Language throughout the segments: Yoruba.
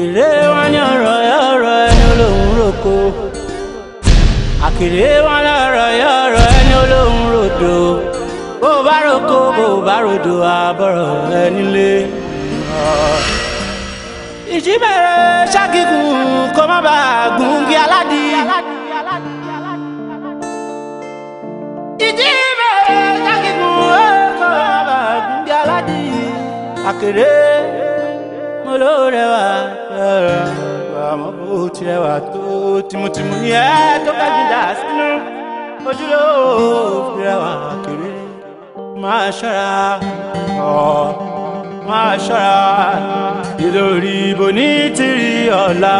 àkèré wọn ní ọ̀rọ̀ ọ̀rọ̀ ẹni olóhùn roko àkèré wọn ní ọ̀rọ̀ ọ̀rọ̀ ẹni olóhùn rodo bó bá roko bó bá rodo àbọ̀rọ̀ ẹni lé. ìjì bẹ̀rẹ̀ ṣàkíkùn kó má bàa gungi aládì. aládì. àkèré mo ló rẹwà àmọ́ bó tiẹ̀ wà tó tìmùtìmù yẹn tó ká jìjà sínú ojúlówó kiri máa ṣọ́ra ọ̀ máa ṣọ́ra ìlórí ibo ní tìrì ọ̀la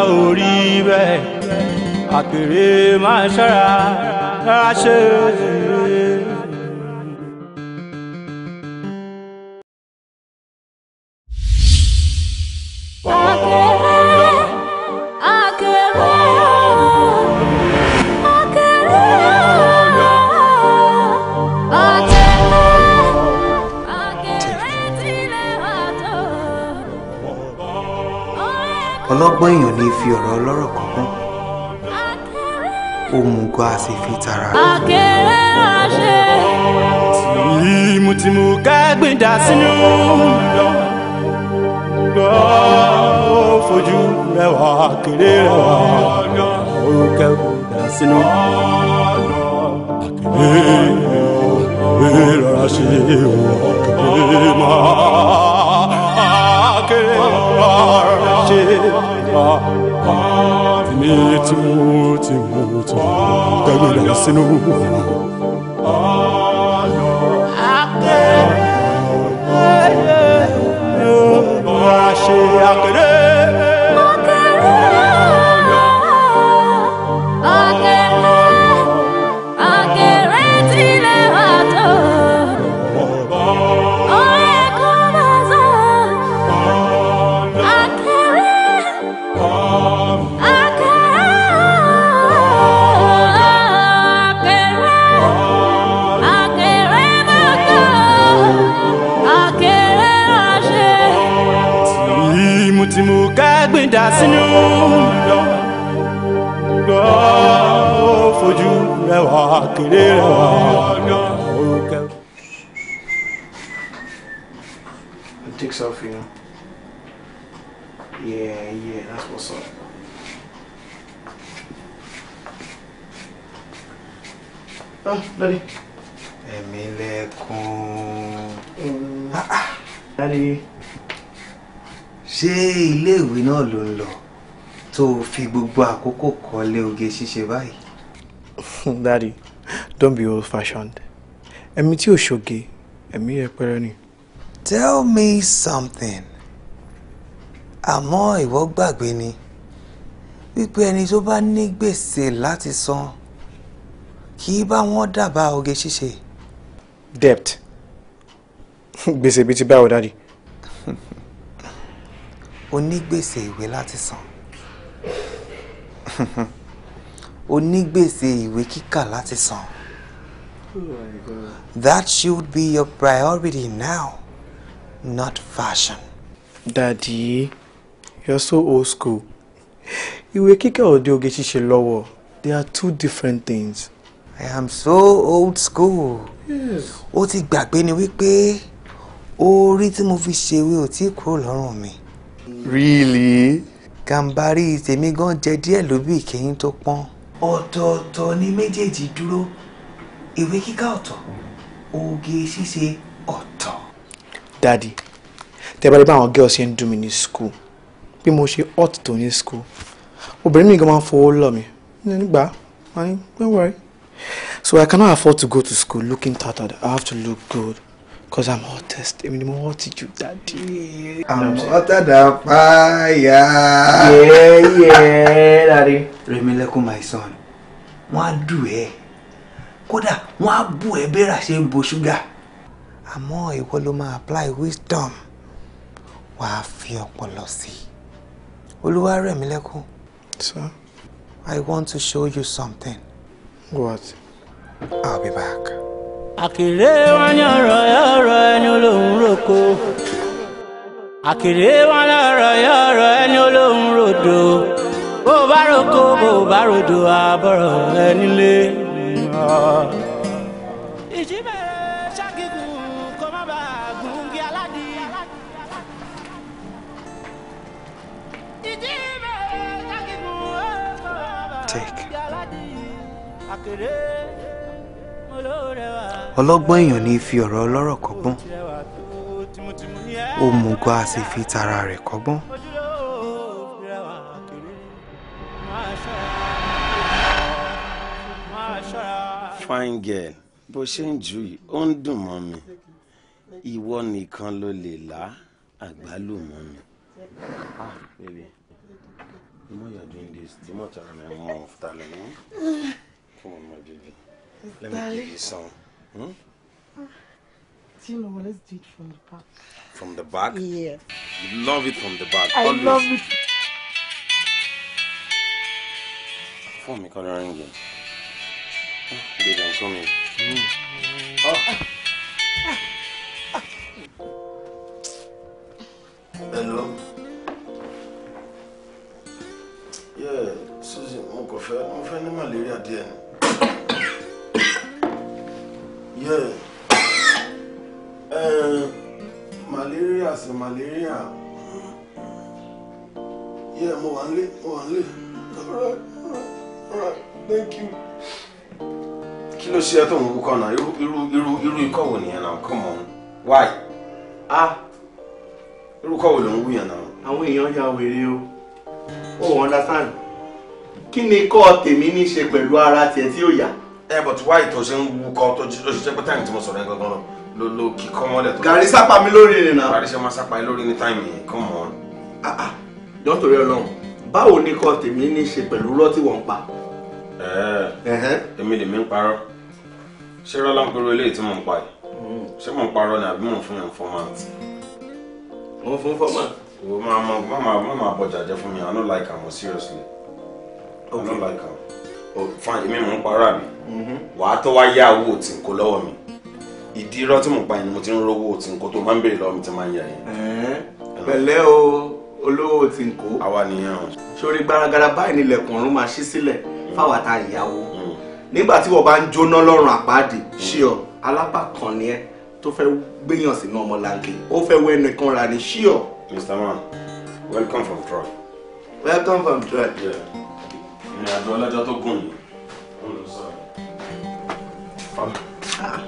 ọlọ́gbọ́n èèyàn ní fi ọ̀rọ̀ ọlọ́rọ̀ kọ́kọ́ òmùgọ̀ a sì fi tara. àkèrè àṣẹ. tìmùtìmù kẹ́gbìn dà sínú ó fojú rẹwà kéré rẹwà ó kẹ́gbìn dà sínú àkèrè rírọra sí ìwọ kéré máa kéré rárá ṣe tèmi tí mo ti mú tó gbẹ̀gbẹ̀rẹ̀ sínú. Akérè, ó máa ṣe akérè. tó fi gbogbo àkókò kọ́lé oge ṣíṣe báyìí. Daddy, don't be old fashioned. Ẹ̀mí tí ò ṣoge, ẹ̀mí yẹpẹrẹ ni. Tell me something. Àmọ́ ìwọ gbàgbé ni wípé ẹni tó bá ní gbèsè láti san kì í bá wọn dábàá oge ṣíṣe. Debt. Gbèsè bíi ti báwo, Daddy. Onígbèsè ìwé láti san. onígbèsè ìwé kíkà láti san. Oh That should be your priority now, not fashion. Daddy, you're so old school. Ìwé kíkà òde oge ṣíṣe lọ́wọ́. They are two different things. I am so old school. Yes. Ó ti gbàgbé ni wípé orí tí mo fi ṣèwé ò tí kúrò lọ́rùn mi. Really? gàǹbarí tèmi gan jẹ díẹ̀ lóbì kẹ́yìn tó pọ́n. ọ̀tọ̀ọ̀tọ̀ ni méjèèjì dúró ìwé kíkà ọ̀tọ̀ oge ṣíṣe ọ̀tọ̀. dadi tẹ́bàdé bá àwọn girls ṣe ń dùn mí ní school bí mo ṣe hot tó ní school obìnrin mi gan máa ń fowó lọ mi nígbà i don't worry so i cannot afford to go to school looking tattered i have to look good Because I'm hottest. I mean, I'm hot you, daddy. I'm hotter than fire. Yeah, yeah, daddy. Rẹ̀mílẹ́kún, my son. Wọ́n do dù Koda, Kódà, wọ́n á bù ẹ́ bẹ́rà ṣe ń bo ṣúgà. Àmọ́ ìwọ ló máa apply wisdom. Wà á fi ọpọlọ sí i. Olúwa Sir? I want to show you something. What? I'll be back àkèré wọn ní ọ̀rọ̀ ọ̀rọ̀ ẹni olóhùn roko àkèré wọn ní ọ̀rọ̀ ọ̀rọ̀ ẹni olóhùn rodo bó bá roko bó bá rodo àbọ̀rọ̀ ẹni lé. ìjì bẹ̀rẹ̀ ṣàkíkùn má bàa gùn kí aládì. ìjì bẹ̀rẹ̀ ṣàkíkùn má bàa gùn kí aládì. àkèré ọlọ́gbọ́n èèyàn ní fi ọ̀rọ̀ ọlọ́rọ̀ kọ́gbọ́n òmùgọ̀ a sì fi tara rẹ̀ kọ́gbọ́n. fine girl bó ṣe ń jù yìí ó ń dùn mọ́ mi ìwọ nìkan ló lè lá àgbálùmọ́ mi. ah baby you know you are this too much and i am more come on my baby. Let Darling. me give you some. Hmm? Timo, let's do it from the back. From the back? Yeah. You love it from the back. I Always. love it. Phone me calling ringing. Oh, baby, I'm coming. Mm. Oh. Hello. Yeah, Susie, mo kàn fẹ́, mo fẹ́ ní malaria díẹ̀ ni. Yeah. Uh, malaria sí malaria. Yeah, mo wà nílé, mo wà nílé. Alright, alright, alright, thank you. Kí ló ṣe ẹ́ tó ń wúkọ́ náà? Irú irú irú irú ikọ́ wo nìyẹn Come on. Why? Ah! Irú ikọ́ wo ló ń wú yẹn náà? Àwọn èèyàn ya wèrè o. O understand? Kí ni ikọ́ tèmi ní í ṣe ara tiẹ̀ tí ó yà? ẹ eh, bọ̀ tí wáyé tó ṣe ń wú kọ́ tó ṣe ṣe pé táyì tí mo sọ̀rọ̀ ẹ gangan ló ló kí kọ́ mọ́lẹ̀ tó. gàrí sápá mi lórí ni náà. gàrí ṣe máa sápá lórí ní táìmì yẹn kọ́ mọ́. jọ́ torí ọlọ́run báwo ni kọ́ tèmi ní ṣe pẹ̀lú rọ́tí wọ́n pa. Eh, èmi lèmi ń parọ́ ṣé rọ́lá ń pẹ̀lú eléyìí tí mò ń pa yìí hmm. ṣé mò ń parọ́ ni àbí mò ń fún yàn fọ́máàtì. mo fún fọ́máàtì. wo máa máa máa máa bọjà jẹ fún mi i no like am seriously i no like am. Oh, fine èmi mò ń parọ́ àbí wàá tó wá yá owó tí n kó lọ́wọ́ mi ìdí irọ́ tí mo pa yẹn mo ti ń rówó tí tó máa ń béèrè lọ́wọ́ mi ti máa ń yá yẹn. pẹ̀lẹ́ o olówó tí n kó. àwa nìyẹn o. sórí gbaragara báyìí ni ilẹ̀kùn ọ̀run máa ṣí sílẹ̀ mm. fáwa ta ìyàwó mm. nígbà tí wọ́n bá ń jóná lọ́rùn àpáàdì mm. ṣí ọ alábàkan ni ẹ tó fẹ́ gbéyàn sínú ọmọlanke ó fẹ́ wẹ́ ẹnìkan ra ni ṣí ọ. Mr. Man, welcome from Troy. welcome from Troy. ìrìn àjò ọlọ́jọ́ tó Ah.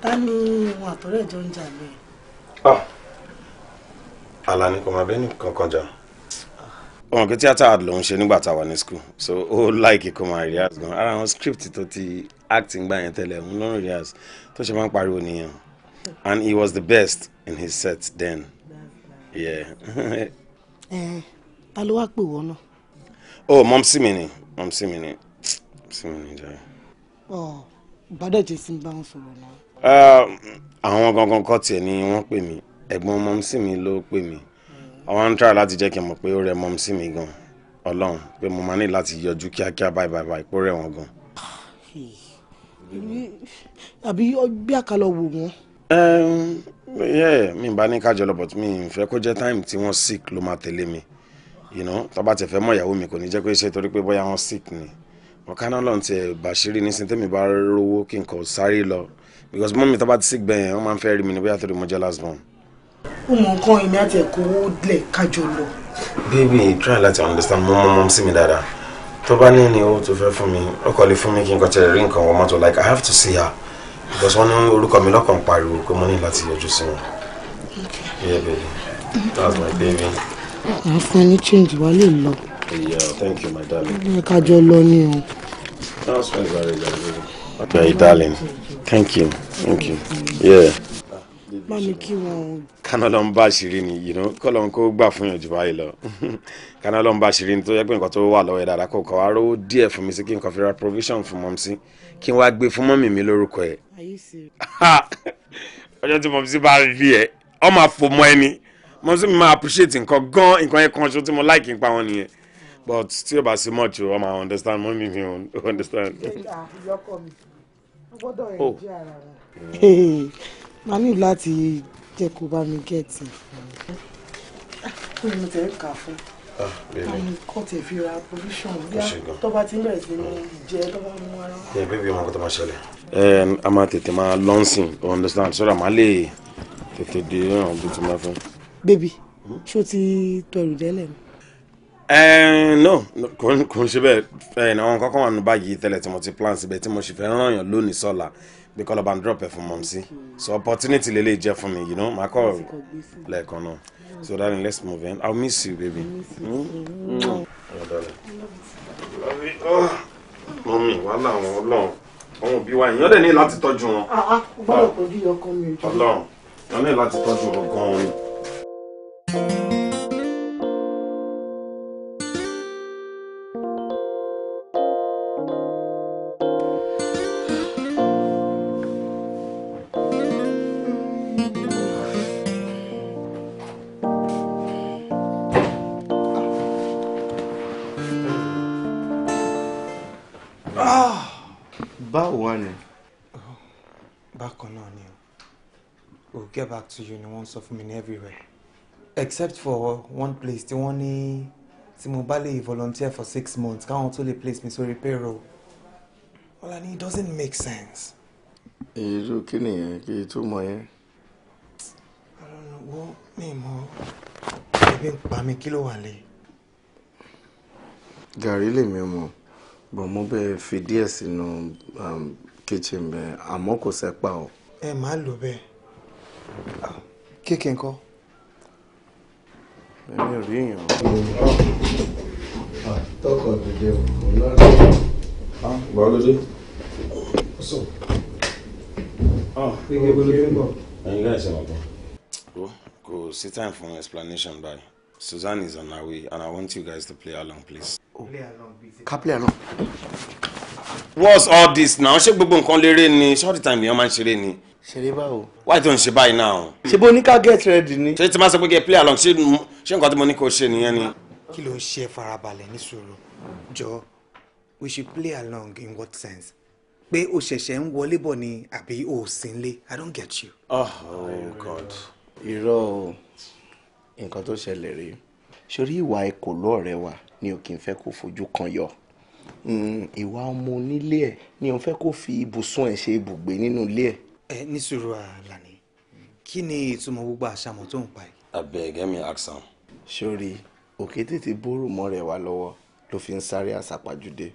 ta ni ohun jọ ń jà ah. lẹ́ Àlàní kò máa bẹ́ẹ̀ ní kankan jà ọmọ pé tíátà lòun ṣe nígbà tá a wà ní school so ó láìkí kó máa rehearse gan ara àwọn script tó ti acting gbà yẹn tẹ́lẹ̀ òun ló ń rehearse tó ṣe máa ń pariwo nìyẹn and he was the best in his set then. Yeah. ẹ eh, ta ló wá pè wọ́n náà. oh mom sí ni mom sí ni sí ni jẹ́ bàdẹ̀jẹ̀ sì ń bá wọn sọ̀rọ̀ náà. àwọn gangan kọ́ tiẹ̀ ni wọ́n pè mí ẹ̀gbọ́n mọ́mísì mi ló pè mí àwọn ń try láti jẹ́ kí n mọ̀ pé ó rẹ mọ́mísì mi gan ọlọ́run pé mo máa ní láti yọjú kíákíá báyìí báyìí báyìí kó rẹ̀ wọ́n gan. Ah, àbí bí àkàlọ̀ wò wọ́n. mi bá ní kájọ lọ but mi ń fẹ́ kó jẹ́ time tí wọ́n sick ló máa tẹ̀lé mi tọ́ bá tẹ̀ fẹ́ mọ̀ ìyàwó mi kò ní jẹ́ pé ṣe torí pé bóyá wọ́n sick ni. You know? ọ̀kánà lọ́n ti ẹ̀ bàṣírí ní sin tẹ́mi bá rówó kí n kò sáré lọ because mọ́mí tó bá ti sí gbẹ̀yìn wọ́n máa ń fẹ́ rí mi ní bóyá torí mo jẹ́ last born. ó nǹkan ìní àti ẹ̀kọ́ owó lẹ̀ kájọ lọ. baby try láti understand mo mọ mọ sí mi dáadáa tó bá ní ní owó tó fẹ́ fún mi ọkọ̀ lè fún mi kí n kọ́ tẹ̀lé rí nǹkan wọ́n mọ́tò like I have to see her because wọ́n ní orúkọ mi lọ́kàn pariwo pé mo ní láti yọjú sí wọn. yeah baby that's my baby. àfẹnichẹ́ǹdì wa lè lọ. yeah thank you my darling. ẹ kájọ lọ ní o. That's very, Okay, darling. Thank you. Thank you. Yeah. Mami kí wọn. Kaná ló ń bá àṣírí ni, you know, kọ́ ló ń kó gbà fún yànjú báyìí lọ. Kaná ló ń bá àṣírí ni tó yẹ pé nǹkan tó wà lọ́wọ́ ẹ̀ dáadáa kò kọ́ wá rówó díẹ̀ fún mi sí kí n kàn fi ra provision fún mọ́mí sí kí n wá gbé fún mọ́mí mi lórúkọ ẹ̀. Ọjọ́ tí mọ́mí sí bá rí ẹ̀, ọ máa fò mọ́ ẹni. Mọ́mí sí mi máa appreciate nǹkan gan nǹkan yẹn kan ṣo tí mo like nípa wọn nìyẹn but still, by so much o ọmọ understand mọ́ mi mi oh. understand. màá ní láti jẹ́ kó bá mi gẹ̀ẹ́tì. kí ni mo tẹ̀ ń kà fún ah, kò tẹ̀ fi ra provision bí tó mm. eh, eh, a máa tètè máa lọ́nsìn understand sọ́dọ̀ àmà lè tètè dé ọ̀hún bí tí mo fẹ́. bébì hmm? ṣó ti tọrù délẹ̀ mi. Eh, no kò ń ṣe bẹ́ẹ̀ eh, àwọn kankan wà nínú báyìí tẹ́lẹ̀ tí mo ti plan síbẹ̀ tí mo sì fẹ́ ràn yàn lónìí sọ́la bí kọ́lọ́ ń drop ẹ̀ fún mọ̀ sí so opportunity lè lè jẹ́ fún mi you know màá kọ́ lẹ́ẹ̀kan náà so darling let's move in I'll miss you baby. mọ́mí wàhálà àwọn ọlọ́run àwọn òbí wa èèyàn dẹ̀ ní láti tọ́jú wọn. Ah, ah, gbọ́dọ̀ kò dí ọkọ mi. ọlọ́run èèyàn ní láti tọ́jú wọn gan back to you ni wọ́n sọ fún mi ní everywhere except for one place tí wọ́n ní tí mo bá lè volunteer for six months káwọn tó lè place me sórí payroll well i mean it doesn't make sense. irú kí nìyẹn kí tó mọ yẹn. i don't know wo mi mọ ebi ń pa mi kí ló wà lé. gàrí lèmi mọ̀ bọ̀ mo bẹ́ẹ̀ fi díẹ̀ sínú um, kitchen bẹ́ẹ̀ àmọ́ kò sẹ́pà o. ẹ máa lò bẹ́ẹ̀ kéèké ńkọ́. èmi ò rí èèyàn. Ah, tọkọ dèdè òun lọ́rọ̀. ìgbà wo ló dé. ọsọ. Ah. Ah, kéèké wo ló dé bọ̀. ẹyin láì ṣe wàgbọ́. kò sí time for an explanation báyìí Suzanne is on her way and I want you guys to play along please. Oh. Play along, please. Ká play along. What's all this now? Ṣé gbogbo nǹkan léré ni? Short time ni wọ́n máa ń ṣeré ni. Why don't wáyé buy now? ṣe báyìí náà. ṣe get ready ni. ṣé tí máa sọ pé kí ẹ play along ṣé nǹkan tí mo ní kó ṣe nìyẹn ni. kí ló ń ṣe farabalẹ̀ ní sùúrù jọ we should play along in what sense pé o ṣẹ̀ṣẹ̀ ń wọlé bọ̀ ni àbí o ò sí nílé i don't get you. oh, oh god. irọ́ o nǹkan tó ṣẹlẹ̀ rèé sórí ìwà ẹ̀kọ́ lọ́ọ̀rẹ́ wa ni o kì í fẹ́ kó fojú kan yọ hmm, ìwà ọmọ onílé ẹ̀ ni o fẹ́ kó fi ibùsùn ẹ̀ ṣe ibùgbé nínú ilé ẹ̀ ẹ eh, ní sùúrù àlàní kí ni ìtumọ̀ gbogbo àṣàmọ̀ tó ń pa yìí. abẹ́ẹ̀gẹ́ mi àṣàn. sórí òkè tètè bóró mọ́ wá lọ́wọ́ ló fi ń sáré àṣàpàjùdé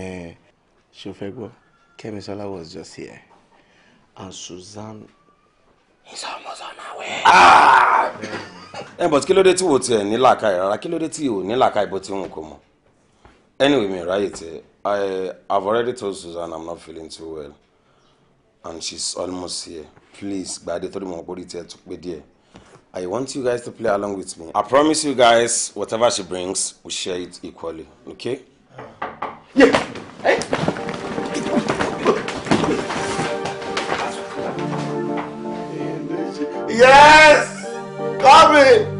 eh, ṣe fẹ́ gbọ́ Kẹ́misọ́lá was just here and Susan is almost on her way. ẹ ah! eh, bọ̀ kí ló dé tí wò tiẹ̀ ní làákàyè rárá kí ló dé tí ò ní làákàyè bó ti ń kó mọ́ anyway mi ráyè tẹ I have already told Suzanne I'm not feeling too well and she's almost here. Please, Gbade told me about it to play I want you guys to play along with me. I promise you guys, whatever she brings, we share it equally. Okay? Yeah. Hey. Yes! Come in!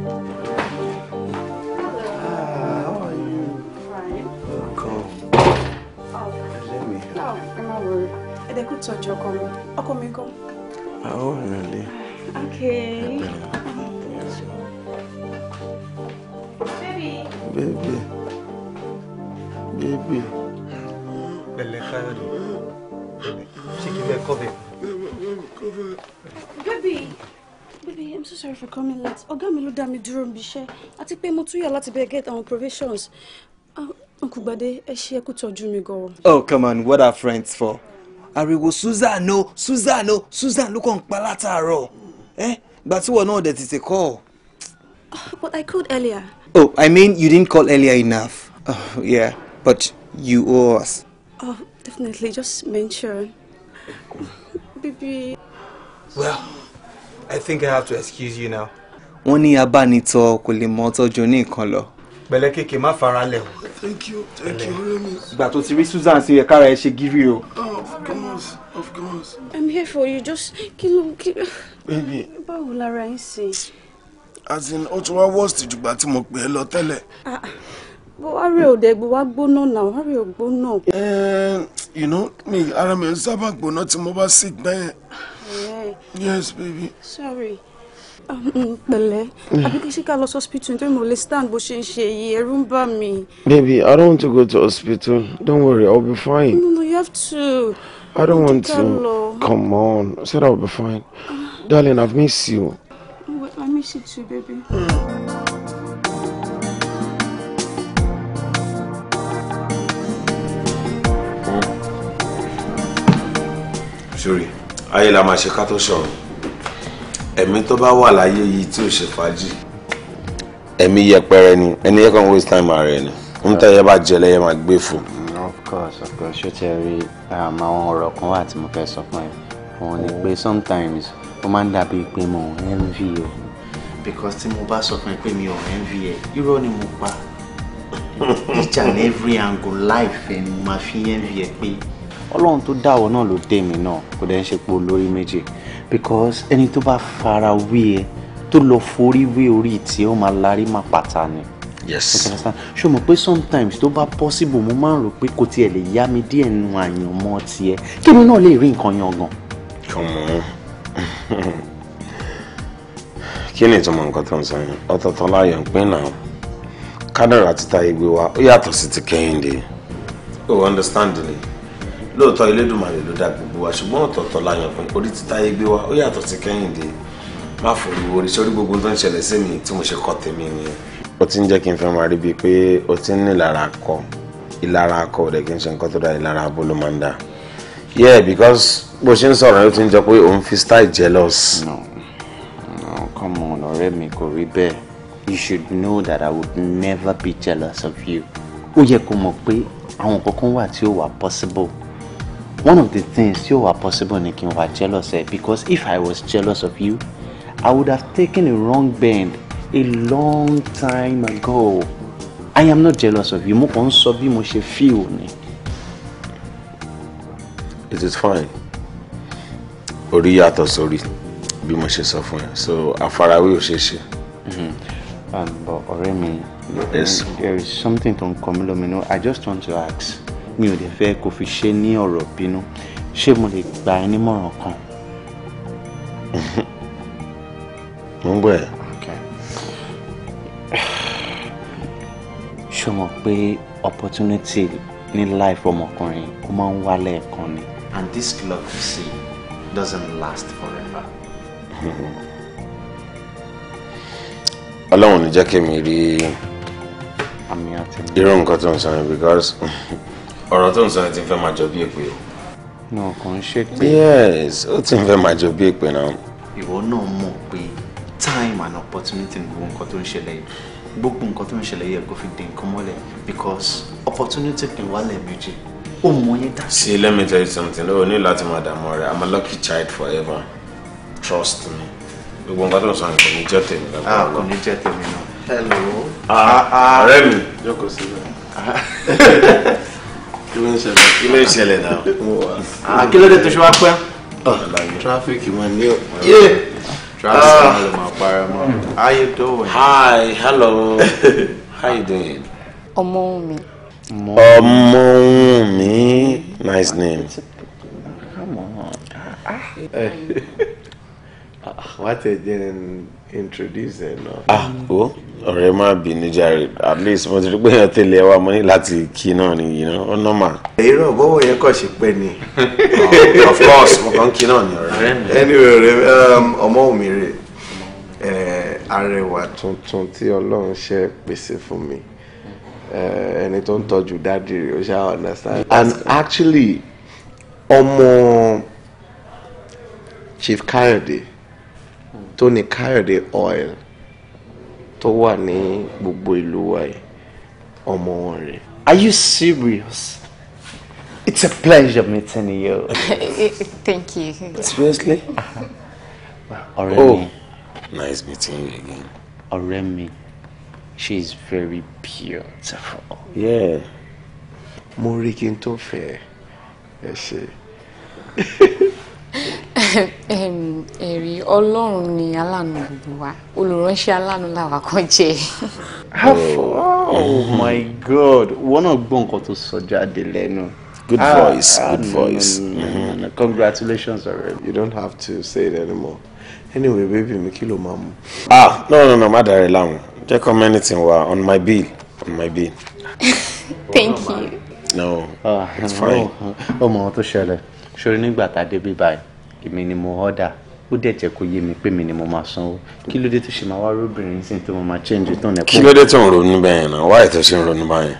Adekú tọ́jú ọkọ mi. Ọkọ mi kọ́. Àwọn ò rìn Okay. Baby. Baby. Baby. Pẹ̀lẹ́ Káyọ̀dé. Ṣé kí bẹ́ẹ̀ Baby. Baby, I'm so sorry for coming late. Oga mi ló dá mi dúró níbi iṣẹ́. Àti pé mo tún ya lati bẹ́ẹ̀ get àwọn provisions. Ah, Uncle Gbade, ẹ ṣe ẹ kú mi gan. Oh, come on, what are friends for? ariwo Susan o Susan o Susan ló kàn ń pa látàárọ̀ ẹ eh, gba tí wọn náà dẹ̀ tètè call. Ah, but I called earlier. Oh, I mean you didn't call earlier enough. Oh, yeah, but you owe us. Oh, definitely. Just mention. Baby. Well, I think I have to excuse you now. Wọ́n ní abánitọ́ kò lè mọ ọtọ́jú ní nǹkan lọ pẹ̀lẹ́ kéèké má fara lẹ̀ o. thank you thank you remi. ìgbà tó ti rí susan sí ẹ̀ka rẹ̀ ṣe gírí o. Oh, of course of course. i'm here for you just kí ló kí ló. baby báwo lára yín ṣe. as in ó ti wá worst jùgbà tí mo pè é lọ tẹ́lẹ̀. bó wá rí òde gbó wá gbóná náà wá rí ògbóná. Eh, you know mi ara mi ń sábà gbóná tí mo bá sick bẹ́ẹ̀. Eh. yes baby. sorry pẹ̀lẹ́ àbíkí ṣe ká lọ hospital nítorí mo lè stand bó ṣe ń ṣe yìí baby i don't want to go to hospital don't worry I'll be fine. no no you have to. i don't want to come on I said I'll be fine darling i've missed you. i miss you too baby. Sorry, I am la máa ṣe ká ẹ̀mí tó bá wà láyé yìí tí ò ṣe fàájì. ẹ̀mí yẹpẹrẹ ni ẹni yẹ kàn waste time ara ni ń tẹ́ yẹ bá jẹ lẹ́yẹ máa gbé fún. Mm, of course of course ṣó tiẹ̀ rí um, àwọn ọ̀rọ̀ kan wà tí mo fẹ́ sọ fún ẹ òun ni pé sometimes ó máa ń dàbí pé mo ò envy o because tí mo bá sọ fún ẹ pé mi ò envy ẹ irọ́ ni mo pa each and every angle life ẹ ni mo máa fi envy ẹ pé ọlọ́run tó dáwọ́ náà ló dé mi náà kò dẹ́ ń ṣe pé olórí méjì because ẹni tó bá fara wé ẹ e, tó lọ forí wé orí tí ó máa larí máa pàtà ni. yes understand. So, mọ̀ pé sometimes tó bá possible mo máa ń rò pé kò tiẹ̀ lè yá mi díẹ̀ nu àyàn mọ́ tiẹ̀ kémi náà lè rí nǹkan yan gan. kọ́mọ kí ni ìtumọ̀ nǹkan tó ń sọ yẹn ọ̀tọ̀ọ̀tọ̀ láàyò ń pín náà kádàrà títa igbe wa ó yàtọ̀ sí ti kẹ́hìndé Oh, understand me lóòótọ́ Elédùmarè ló dá gbogbo wa ṣùgbọ́n ọ̀tọ̀ọ̀tọ̀ la yàn fún orí ti Táyé gbé wa ó yàtọ̀ sí Kẹ́hìndé má forí orí sórí gbogbo tó ń ṣẹlẹ̀ sí mi tí mo ṣe kọ́ tèmi nìyẹn. ó ti ń jẹ́ kí n fẹ́ máa rí bíi pé ó ti ń ní ìlara akọ ìlara akọ rẹ̀ kí n ṣe nǹkan tó dáa ìlara abo ló máa ń dà yeah because bó ṣe ń sọ̀rọ̀ ó ti ń jọ pé òun fi style jealous. no no come on ọ̀rẹ́ mi kò rí bẹ́ẹ̀ one of the things you are possible ni kí n wà jealous ẹ because if I was jealous of you I would have taken a wrong bend a long time ago I am not jealous of you mo kàn ń sọ bí mo ṣe feel ni. it is fine orí yàtọ̀ sórí bí mo ṣe sọ fún ẹ so àfarawé ò ṣeé ṣe. Mm-hmm. Um, but ọ̀rẹ́ mi there is something to ń kọ mí I just want to ask mi ò dẹ̀ fẹ́ kó fi ṣe ní ọ̀rọ̀ bínú ṣé mo lè gba ẹ nímọ̀ràn kan. mo ṣé o mọ̀ pé opportunity ní life ọmọkùnrin ó máa ń wá lẹ́ẹ̀kan ni. and this love you see doesn't last forever. ọlọ́run ní jẹ́ kí mi rí irú nǹkan tó ń sọ yẹn because. ọ̀rọ̀ tó ń sọ ẹ ti ń fẹ́ máa jọ bí èpè o. mo kàn ń ṣe pé. yes ó ti ń fẹ́ máa jọ bí èpè náà. ìwọ náà mọ̀ pé time and opportunity ni gbogbo nǹkan tó ń ṣẹlẹ̀ yìí gbogbo nǹkan tó ń ṣẹlẹ̀ yìí kò fi dé nǹkan mọ́lẹ̀ because opportunity kì í wá lẹ́ẹ̀mejì ó mọ yẹn dá. see let me tell you something o ní láti máa dààmú rẹ i'm a lucky child forever trust me gbogbo nǹkan tó ń sọ yẹn kò ní jẹ́ tèmi lọ́wọ́. a ah, kò ní jẹ́ tèmi náà. hello. Ah, ah, ọ̀rẹ́ mi jókòó sílẹ̀. kí ló ah, tó ṣe wá pẹ́. Ah. tráfíkì mọ ní òpin. tráfíkì mọ ah. ló máa para mọ. how you hi hello how you doing. ọmọ mi. ọmọ mi nice name. What tẹ̀ didn't introduce ẹ̀ náà. ah o ọ̀rẹ́ má bínú at least when ti rí pé èèyàn tẹ̀lé wa mo ní láti kí náà ni yìí náà you normal. èrò bọ́wọ̀ yẹn kàn of course we can ń kí náà ni ọ̀rẹ́ mi. anyway ọ̀rẹ́ um, ọmọ mi rè arẹwà tuntun tí ọlọ́run ṣe pèsè fún mi ẹni tó ń tọ́jú dáàdì rẹ̀ understand. and actually Omo Chief Kayode tó Káyọ̀dé oil tó wà ní gbogbo ìlú wa yìí ọmọ wọn rè. Are you serious? It's a pleasure meeting you. Thank you. Seriously? Uh-huh. Ọ̀rẹ́ oh. mi. Oh, nice meeting you again. Ọ̀rẹ́ mi, she is very beautiful. Yeah. Mo rí kí n tó fẹ́ ẹ ṣe. ẹ̀rí ọlọ́run ni aláàánú gbogbo wa olùránṣẹ́ aláàánú làwa kan jẹ́. oh my god wọn náà gbọ́ nǹkan tó sọ jáde lẹ́nu. good ah, voice good ah, voice. Mm -hmm. congratulations already. you don't have to say it anymore. anyway baby mi kí ló máa mú. ah no no no má dàrí láwọn jẹ́ kọ́ mẹ́nìtìn wa on my bill on my bill. thank you. no it's fine. ọmọ ohun tó ṣẹlẹ̀ ṣorí nígbà tá a dé bí báyìí èmi ni mo order ó dẹ̀ jẹ́ kó yé mi pé mi ni mo máa sanwó kí ló dé tó ṣe máa wá róbìnrin sí tó mo máa change tán nẹ́pọ̀. kí ló dé tó ń ronú bẹ́ẹ̀ náà wáyé tó ṣe ń ronú báyẹn.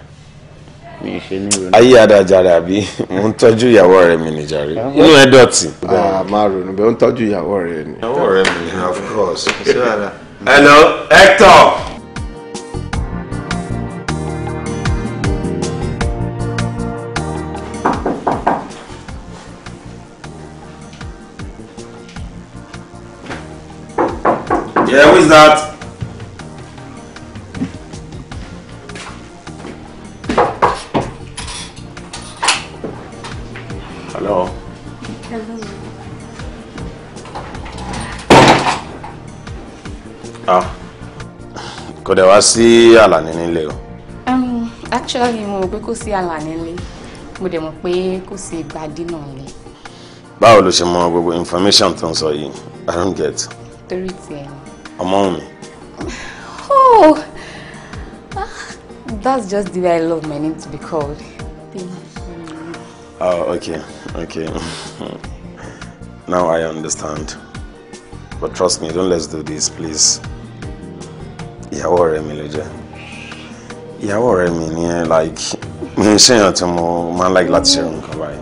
mi ì ṣe ní ronú. ayé adájára àbí mo ń tọ́jú ìyàwó rẹ̀ mi nìjàre inú ẹ̀ dọ̀tí. a ah, máa ronú bẹ́ẹ̀ ń tọ́jú ìyàwó rẹ̀ ni. ìyàwó rẹ̀ mi of course. hello Hector. that. Hello. Hello. Ah. Kò dẹ̀ wá sí Àlàní nílé o. Um, actually mo rò pé kò sí Àlàní nílé. Mo dẹ̀ mọ̀ pé kò sí Gbadé náà nílé. lo ṣe mọ gbogbo information tó ń sọ I don't get. Torí tiẹ̀ ọmọ mi. oh ah, that's just the way I love my name to be called. Thank you. Oh, okay, okay. now I understand. But trust me, don't let's do this, please. Ìyàwó ọ̀rẹ́ mi ló jẹ́. Ìyàwó ọ̀rẹ́ like me ń ṣèyàn tí mo máa like láti ṣe nǹkan báyìí.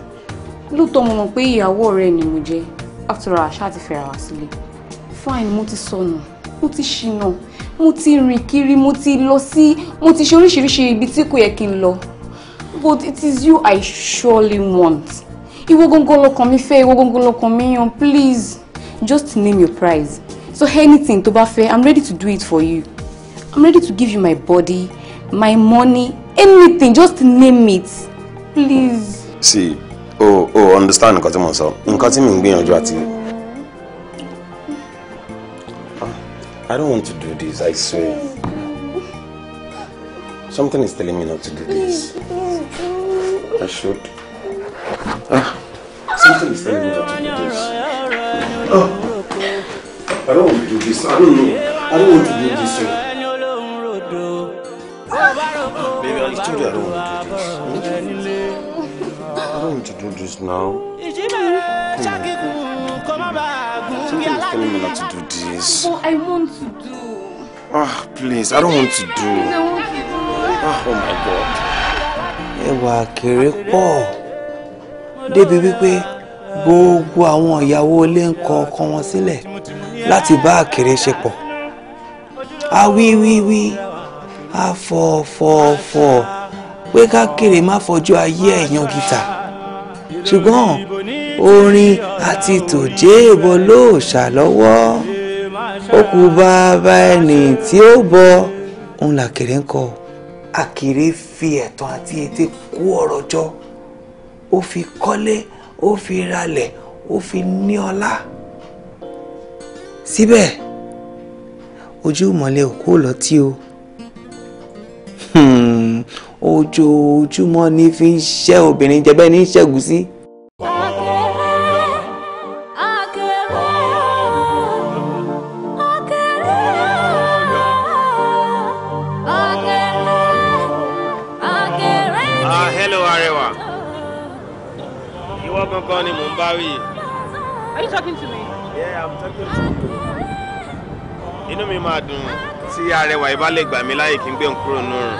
Lóòótọ́ mo mọ̀ pé ìyàwó ọ̀rẹ́ ni mo jẹ́. After all, àṣà ti fẹ́ra wá sleep, Fine, mo ti sọnù mo ti ṣìnà mo ti rìn kiri mo ti lọ sí mo ti ṣe oríṣiríṣi ibi tí kò yẹ kí n lọ but it is you I surely want Iwo gongo lọkàn mi fẹ́ ìwọ gangan lọkàn mi yan please just name your price so anything tó bá fẹ́ I'm ready to do it for you I'm ready to give you my body my money anything just name it please. see o oh, o oh, understand nǹkan tí mo sọ nǹkan tí mi ń gbìyànjú àti I don't want to do this, I swear. Something is telling me not to do this. I should. Ah, something is telling me not to do this. Oh, I don't want to do this. I don't know. I don't want to do this. Ah, baby, I told you I don't want to do this. I don't want to do this now. Hmm. Everything is telling me not to do this. But I want to do. Ah, please, I don't want to do. Ah, oh my God. Ẹwà kéré pọ̀ débi wípé gbogbo àwọn ìyàwó ilé ń kọ ọkọ wọn sílẹ̀ láti bá àkèrè ṣe pọ̀. A wí wí wí, a fọ̀ fọ̀ fọ̀ pé ká kéré má fọjú ayé ẹ̀yàn gìtà. Ṣùgbọ́n orin àti tòjé ìbọ lóòṣà lọ́wọ́ ó kú bàbá ẹni tí ó bọ òun làkèrè ń kọ àkèrè fi ẹ̀tàn àti ète kú ọ̀rọ̀ jọ ó fi kọ́lé ó fi ralẹ̀ ó fi ní ọlá síbẹ̀ ojú ìmọ̀lẹ̀ òkú lọ tí o hmm, ojoojúmọ́ ní fi ń ṣẹ́ obìnrin jẹ́ bẹ́ẹ̀ ní ṣẹ́gun sí. Si Arẹwà ìbá lè gbà mí láàyè kí n gbé n kúrò nùrùn.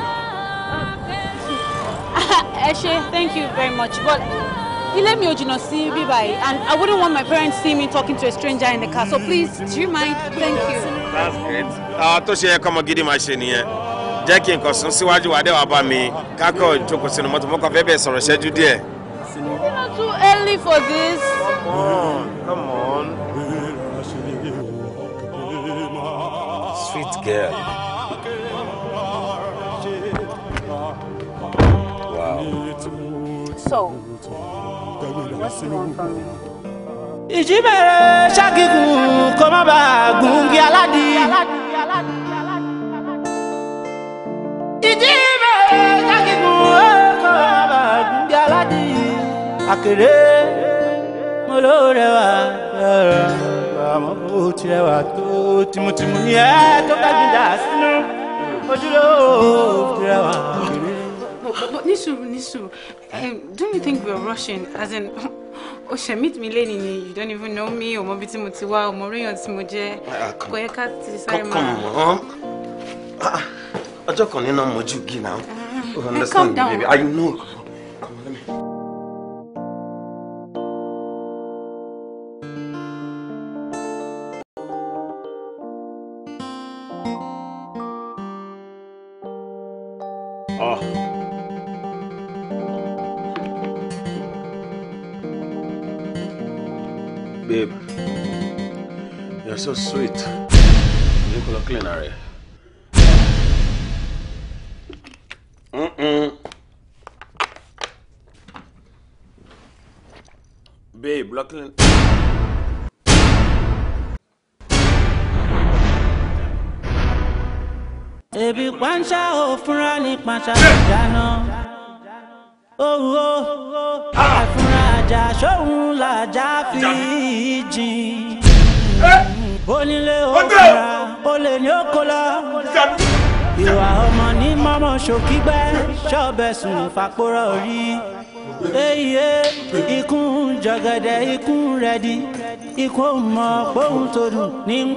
ẹ ṣe thank you very much but ilé mi ò jìnnà sí bíbá yìí and I wouldn't want my parents see me talking to a stranger in the car so please do you mind thank you. that's great. àwọn ah, tó ṣe yẹ kọ́mọ gidi máa ṣe nìyẹn jẹ́ kí nǹkan sún síwájú wa dẹ́wà bá mi kákọ́ ìjókòó sínú mọ́tò mọ́kàn fẹ́ bẹ́ẹ̀ sọ̀rọ̀ ṣẹ́jú díẹ̀. It's not too early for this. Come on, come on. Sweet girl. So, what do you want from me? ìjíbẹ̀rẹ̀ ṣàkíkùn kó má bàa gùnkì aládì. ìjíbẹ̀rẹ̀ ṣàkíkùn kó má bàa gùnkì aládì. àkèrè mo ló rẹwà àmọ́ ó ti rẹwà tó tìmùtìmù ni ẹ tó kájú sínú ojúlówó ti rẹwà but Nisu, Nisu, um, don't you think we're rushing? As in, oh she meet me lẹ́ni ni, you don't even know me, or mọ bí motiwa, or ti wá, moje. Come come, come. mo jẹ́. Kò yẹ ká ti moju máa. Kọ̀kọ̀ mọ̀ Baby. I know. so sweet. Ilé kò lọ Mm mm. Babe, lọ clean. Ebi panṣá ò fúnra ní panṣá ìjáná. Owó oh, àfúnra oh, oh. àjà sóhun làjà fi jìn onílé òkúra olè ní òkúla ìwà ọmọ ní mọ́mọ́ ṣòkígbẹ́ ṣọ́ọ̀bẹ sùn fàpòrọ̀ orí eyíye ikún jọ̀gẹ̀dẹ̀ ikún rẹ̀dí ikún mọ̀ gbóhùn ní ń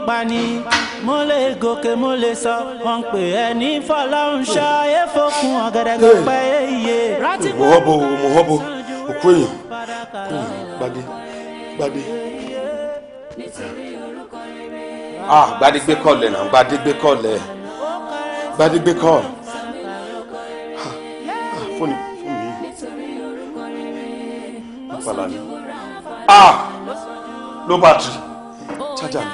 mo lè gòkè mo lè sọ wọn ń pè ẹ ní fọláhùnṣá efokun ọ̀gẹ̀dẹ̀gẹ̀ pẹ́ eyíye. mo họ́bọ̀ òkú èèyàn hmm, gbadé gbadé ah Gbádégbé kọ́ọ̀lù ẹ̀ náà Gbádégbé kọ́ọ̀lù ẹ̀ Gbádégbé kọ́ọ̀lù ah, ah, fóònù fóònù yìí ìpàlà ni ah low battery charger mi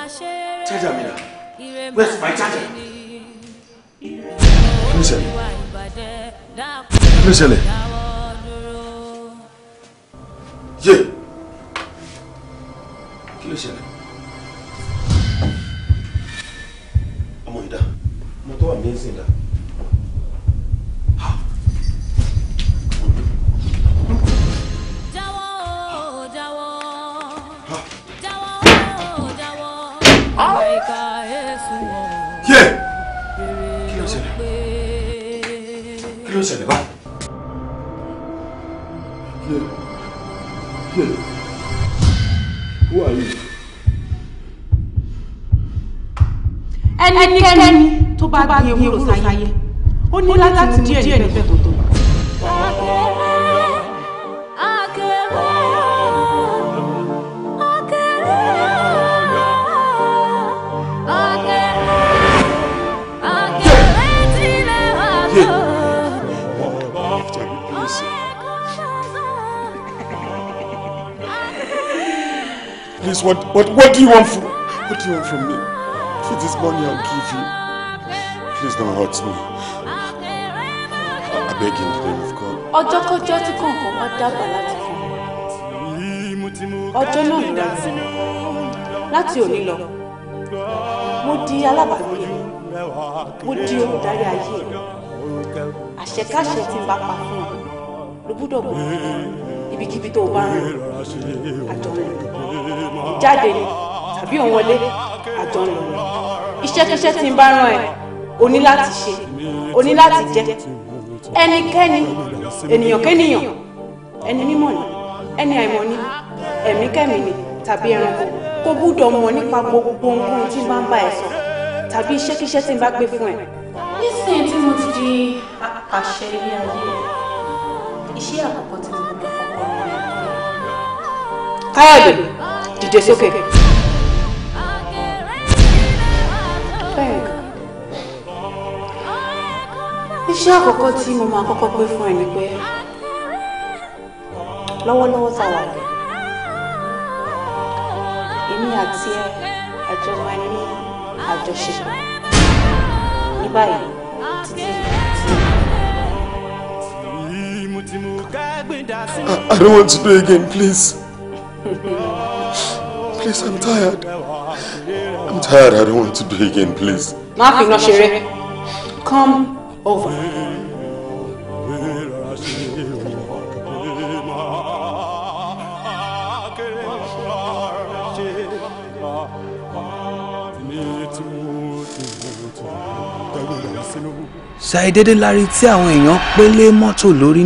charger mi na where's my charger kí ló ṣẹlẹ̀ kí ló ṣẹlẹ̀ yé kí ló ṣẹlẹ̀. ọmọ ìdá mo tó Who are you? ẹnikẹ́ni tó bá gbé ewúro sáyé ó ní láti mú díẹ̀ níbẹ̀ tó tó. Please, what, what, what do you want from, what do you want from me? See this money I'll give you. Please don't hurt me. I beg in the name of God. Ọjọ́ kọjọ́ tí kọ̀ọ̀kan bá dábàá láti fún mi. Ọjọ́ náà ló láti fún mi. Láti òní lọ, mo di alábàágbé mi. Mo di olùdarí ayé mi. Àṣekáṣe tí n bá pa fún ọ ló gbúdọ̀ gbọ́ ibikíbi tó o bá rìn àjọ ń lọ. Ìjáde ni tàbí òun wọlé àjọ ń lọ iṣẹ́kíṣẹ́ tí n bá rán ẹ o ní láti ṣe o ní láti jẹ ẹnikẹ́ni ènìyàn ẹni mímọ̀ ni ẹni àìmọ̀ ni ẹ̀mí kẹ́mí ni tàbí ẹranko kó gbúdọ̀ mọ̀ nípa gbogbo ohun tí n bá ń bá ẹ sọ tàbí iṣẹ́kíṣẹ́ tí n bá gbé fún ẹ. nísìnyí tí mo ti di àṣẹ ilé ayé iṣẹ́ àkọ́kọ́ tí mo gbọ́dọ̀ kọ́kọ́ rẹ̀. káyọ̀dé dìde sókè. Okay. Peg. Iṣẹ́ àkọ́kọ́ tí mo máa kọ́kọ́ pé fún ẹ ni pé lọ́wọ́lọ́wọ́ tá a wà lọ. Èmi àti ẹ àjọ máa ní àjọṣepọ̀. Ní báyìí, I don't want to do it again, please. Please, I'm tired. I'm tired. I don't want to do it again, please. Nothing, no shere. Come over. ṣàìdédé la rí tí àwọn èèyàn pélé mọ́tò lórí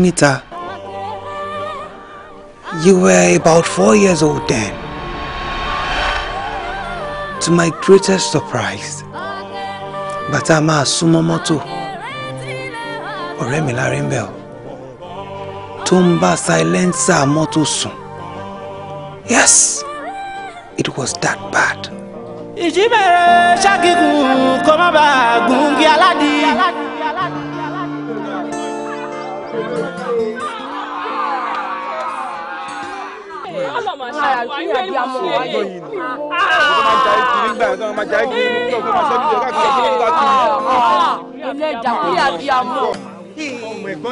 You were about four years old then to my greatest surprise bàtà máa súnmọ́ mọ́tò ọ̀rẹ́ mi lárí ń bẹ̀ tó ń bá sáílẹ́ńsà mọ́tò sùn yes it was that bad. ìjíbẹ̀rẹ̀ ṣáàkì kù kó má bàa gùn kí aládìí. ọlọ́mọ ṣàwọ̀ ayé ni mo ṣe é. ọmọ jà ìkì nígbà yẹn ọmọ jà ìkì nígbà yẹn ọmọ sẹ́bí yẹn káàkiri ọmọ káàkiri. ilé ìjà kúlẹ̀ abiyamọ.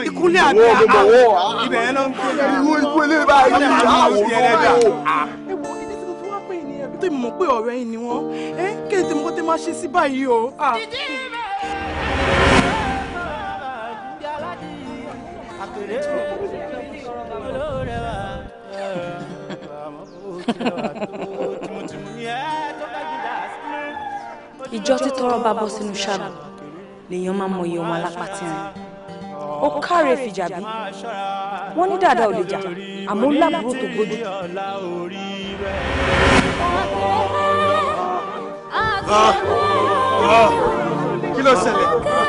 ìkúlẹ̀ abiyamọ. ibẹ̀ yẹn ló ń gbé. ìwọ ikú eléyìí báyìí ni àwọn ọmọ tẹ́ mọ̀ pé ọ̀rẹ́ yìí ni wọ́n ẹ kí ni tèmi kó tẹ́ máa ṣe sí báyìí o. àkèrè ìjọ tí tọrọ bá bọ́ sínú ṣáàbù lèèyàn máa mọ iye wọn alápàtìrìn ó káre fìjàbí wọn ní dàda ò lè jà àmọ́ lábúrò tó gbójú. kí ló ṣẹlẹ̀.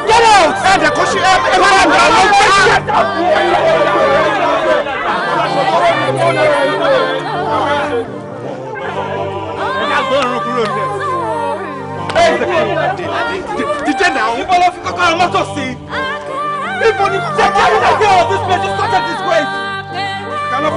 yẹ́lẹ̀ ẹ̀ẹ́dẹ̀kọ́ṣe ẹ̀ẹ́dẹ̀kọ́ṣe ẹ̀ẹ́dẹ̀kọ́ṣe ẹ̀ẹ́dẹ̀kọ́ṣe. Dìde náà. Ibo ló fi kọ́kọ́rọ́ mọ́tò sí? Ibo ni kọ́kọ́rọ́ mọ́tò sí? this place is such a disgrace. Kàlọ́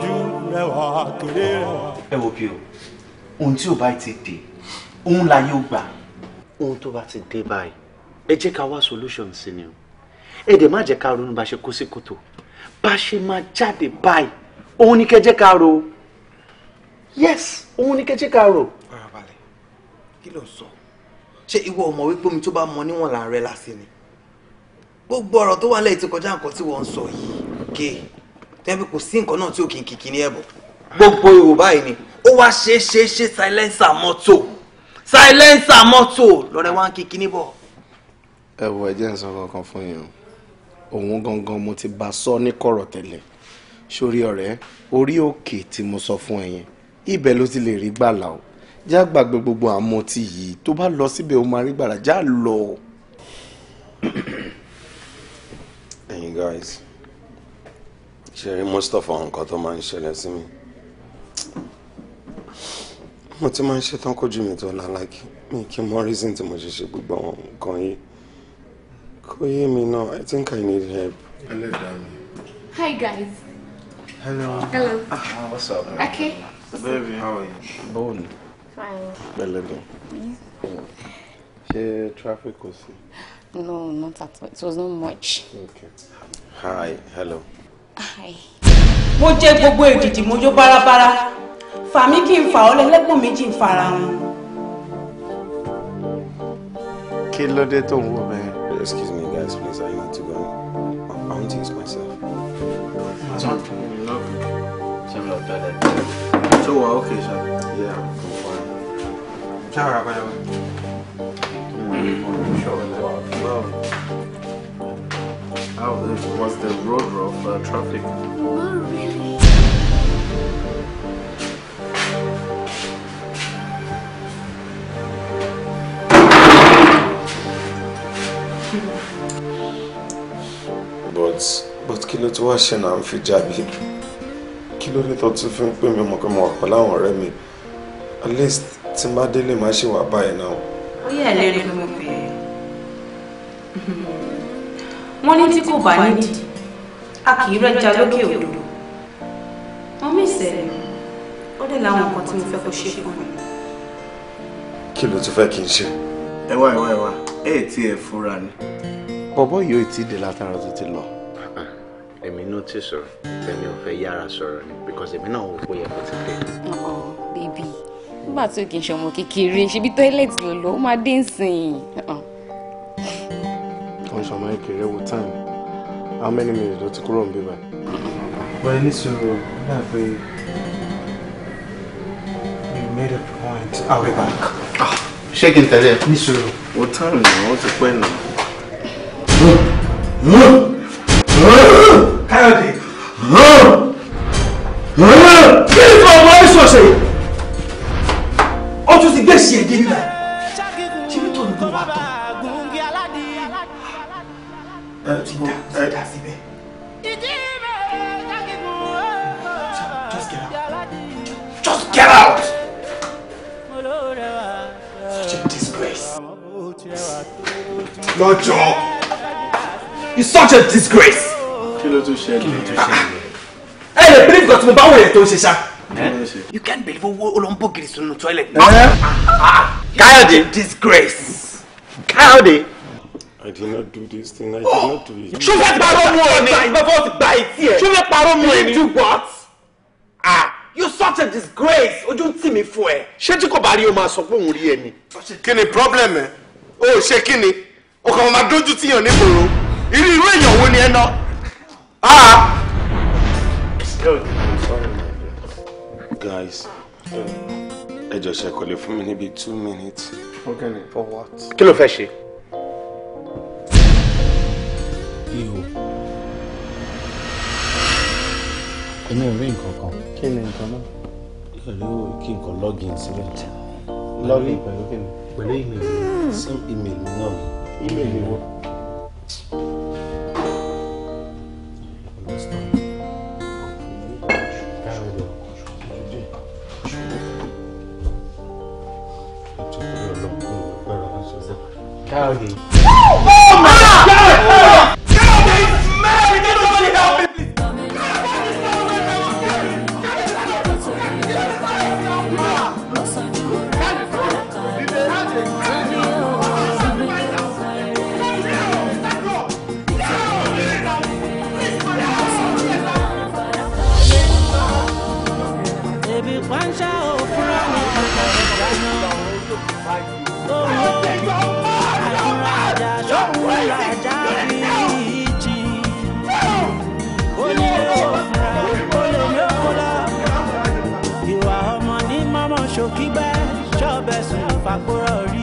sínú lọ, rẹwà kéré rẹwà. ẹ wo bí o ohun tí ò bá ti dé òun la yóò gbà. ohun tó bá ti dé báyìí ẹ jẹ́ ká wá solution sí ni o ẹ dẹ̀ má jẹ́ ká ronú bá ṣe kó sí kòtò bá ṣe máa jáde báyìí òun ni kẹjẹ́ ká ro yes òun ni kẹjẹ́ ká ro. ọ̀rọ̀ balẹ̀ kí ló ń sọ ṣé ìwọ ò mọ̀ wípé omi tó bá mọ níwọ̀n là ń rẹ lásìí ni gbogbo ọ̀rọ̀ tó wà lẹ́yìn ti kọjá nǹkan tí wọ́n ń sọ yìí kéè tẹ́bí kò sí nǹkan náà tí ò kì í kìkì ní ẹ̀bùn gbogbo yorùbá yìí ni ó wá ṣe ṣe ṣe silencer mọ́tò silencer mọ́tò lọ́rẹ́ wá ń kìkì níbọ̀. ẹ wo ẹjẹ ń sọ kankan fún yín o òun gangan mo ti bá sọ ní kọ̀rọ̀ tẹ́lẹ̀ sórí ọ̀rẹ́ orí òkè tí mo sọ fún ẹ yẹn ló ti lè rí gbàlà o já gbàgbé gbogbo àmọ́ ti yìí tó bá lọ síbẹ̀ ó máa rí gbàlà já lọ. ẹ̀yin guys ṣe rí mustapha nǹkan tó máa ń ṣẹlẹ̀ sí mi mo ti máa ń ṣe tán kójú mi tó lálákì mi kí n reason tí mo ṣe ṣe gbogbo àwọn nǹkan yìí kò yé mi náà I think I need help. ẹlẹ́dàá Hi guys. Hello. Hello. Ah, ah what's up? Baby? Okay. Baby, how are you? Bone. Fine. Bẹ́lẹ̀dùn. Ṣé traffic kò sí? No, not at all. It was not much. Okay. Hi, hello mo jẹ gbogbo èdìdì mo bárabára fàmí kí n fà ọ́ lẹ́lẹ́gbọ̀n méjì ń fara wọn. kí ló dé tó ń wò bẹ́ẹ̀. excuse me guys please i need to go i want to use myself. ṣé wà ó kè ṣá. yeah i'm fine. ṣé àwọn àbáyọ. tó mọ̀ how uh, was the road of uh, traffic? but but kilo ló ti wá ṣe náà ń fi jàbí kí ló ní tó tún fi ń mo wà pẹ̀lú àwọn mi at least tí n bá délé má ṣe wà now. náà. ó yẹ lérè ló mú wọ́n ní tí kò bá nídìí a kì í rẹ́ja lókè odò mo mí ìṣẹ̀lẹ̀ ó dé láwọn nǹkan tí mo fẹ́ kó ṣe fún mi. kí ló tún fẹ́ kí n ṣe. ẹ wá ẹ wá ẹ wá ẹ ẹ tí ẹ fúnra ni. bọ̀bọ̀ yìí ò tí ì dé látara tó ti lọ. èmi náà ti sọ̀rọ̀ èmi ò fẹ́ yára sọ̀rọ̀ ni because èmi náà wò pé ẹ̀kọ́ ti dé. ọ̀ bíbí nígbà tó kì í ṣe ọmọ kékeré ṣebí tọ́ílẹ̀tì ló lò ó máa dé nsìn mention my career with time. How many minutes do ti kúrò ń Well, ní sùúrù náà pé you made a point. I'll be back. Shaking kí n tẹ̀lé ẹ? Ní sùúrù. Wo time nà ó ti pẹ́ nà. Káyọ̀dé. Kí ni fún ọmọ ẹ̀ṣọ́ ṣe? Ó tún ti gbèsè ẹ̀dín náà. just get out just get out such a disgrace lọ́jọ́ it's such a disgrace. kí ló tún ṣẹlẹ̀ ẹ lè ah, ah. believe nǹkan tí mo bá you can't believe owó olóńgbò gírí the toilet. Eh? Ah, káyọ̀dé disgrace káyọ̀dé. I did not do this thing. I did not do it. Ṣó fẹ́ parọ́ mú ọ ni? Ìgbàgbọ́ ti gba ìtì ẹ̀. Ṣó fẹ́ parọ́ mú You do what? Ah, you such a disgrace. Ojú don't see me for it. She tí kò bá rí o máa sọ pé òun rí ẹ ni? problem ẹ? O ò ṣe kí ni? O kàn máa dójú tíyàn nígboro. Irú irú èèyàn wo ni ẹ Ah! Guys, I just call you for maybe two minutes. Okay, for what? Kí ló ihò. èmi ò rí nǹkan kan. kí ni nǹkan náà. ìrẹ̀lẹ̀ ò kí nǹkan login sílẹ̀. login pẹ̀lú kí ni. pẹ̀lú email sim email mi náà ni. email wo. Howdy. lọ́bẹ̀ sùn fàkúrọ̀ rí.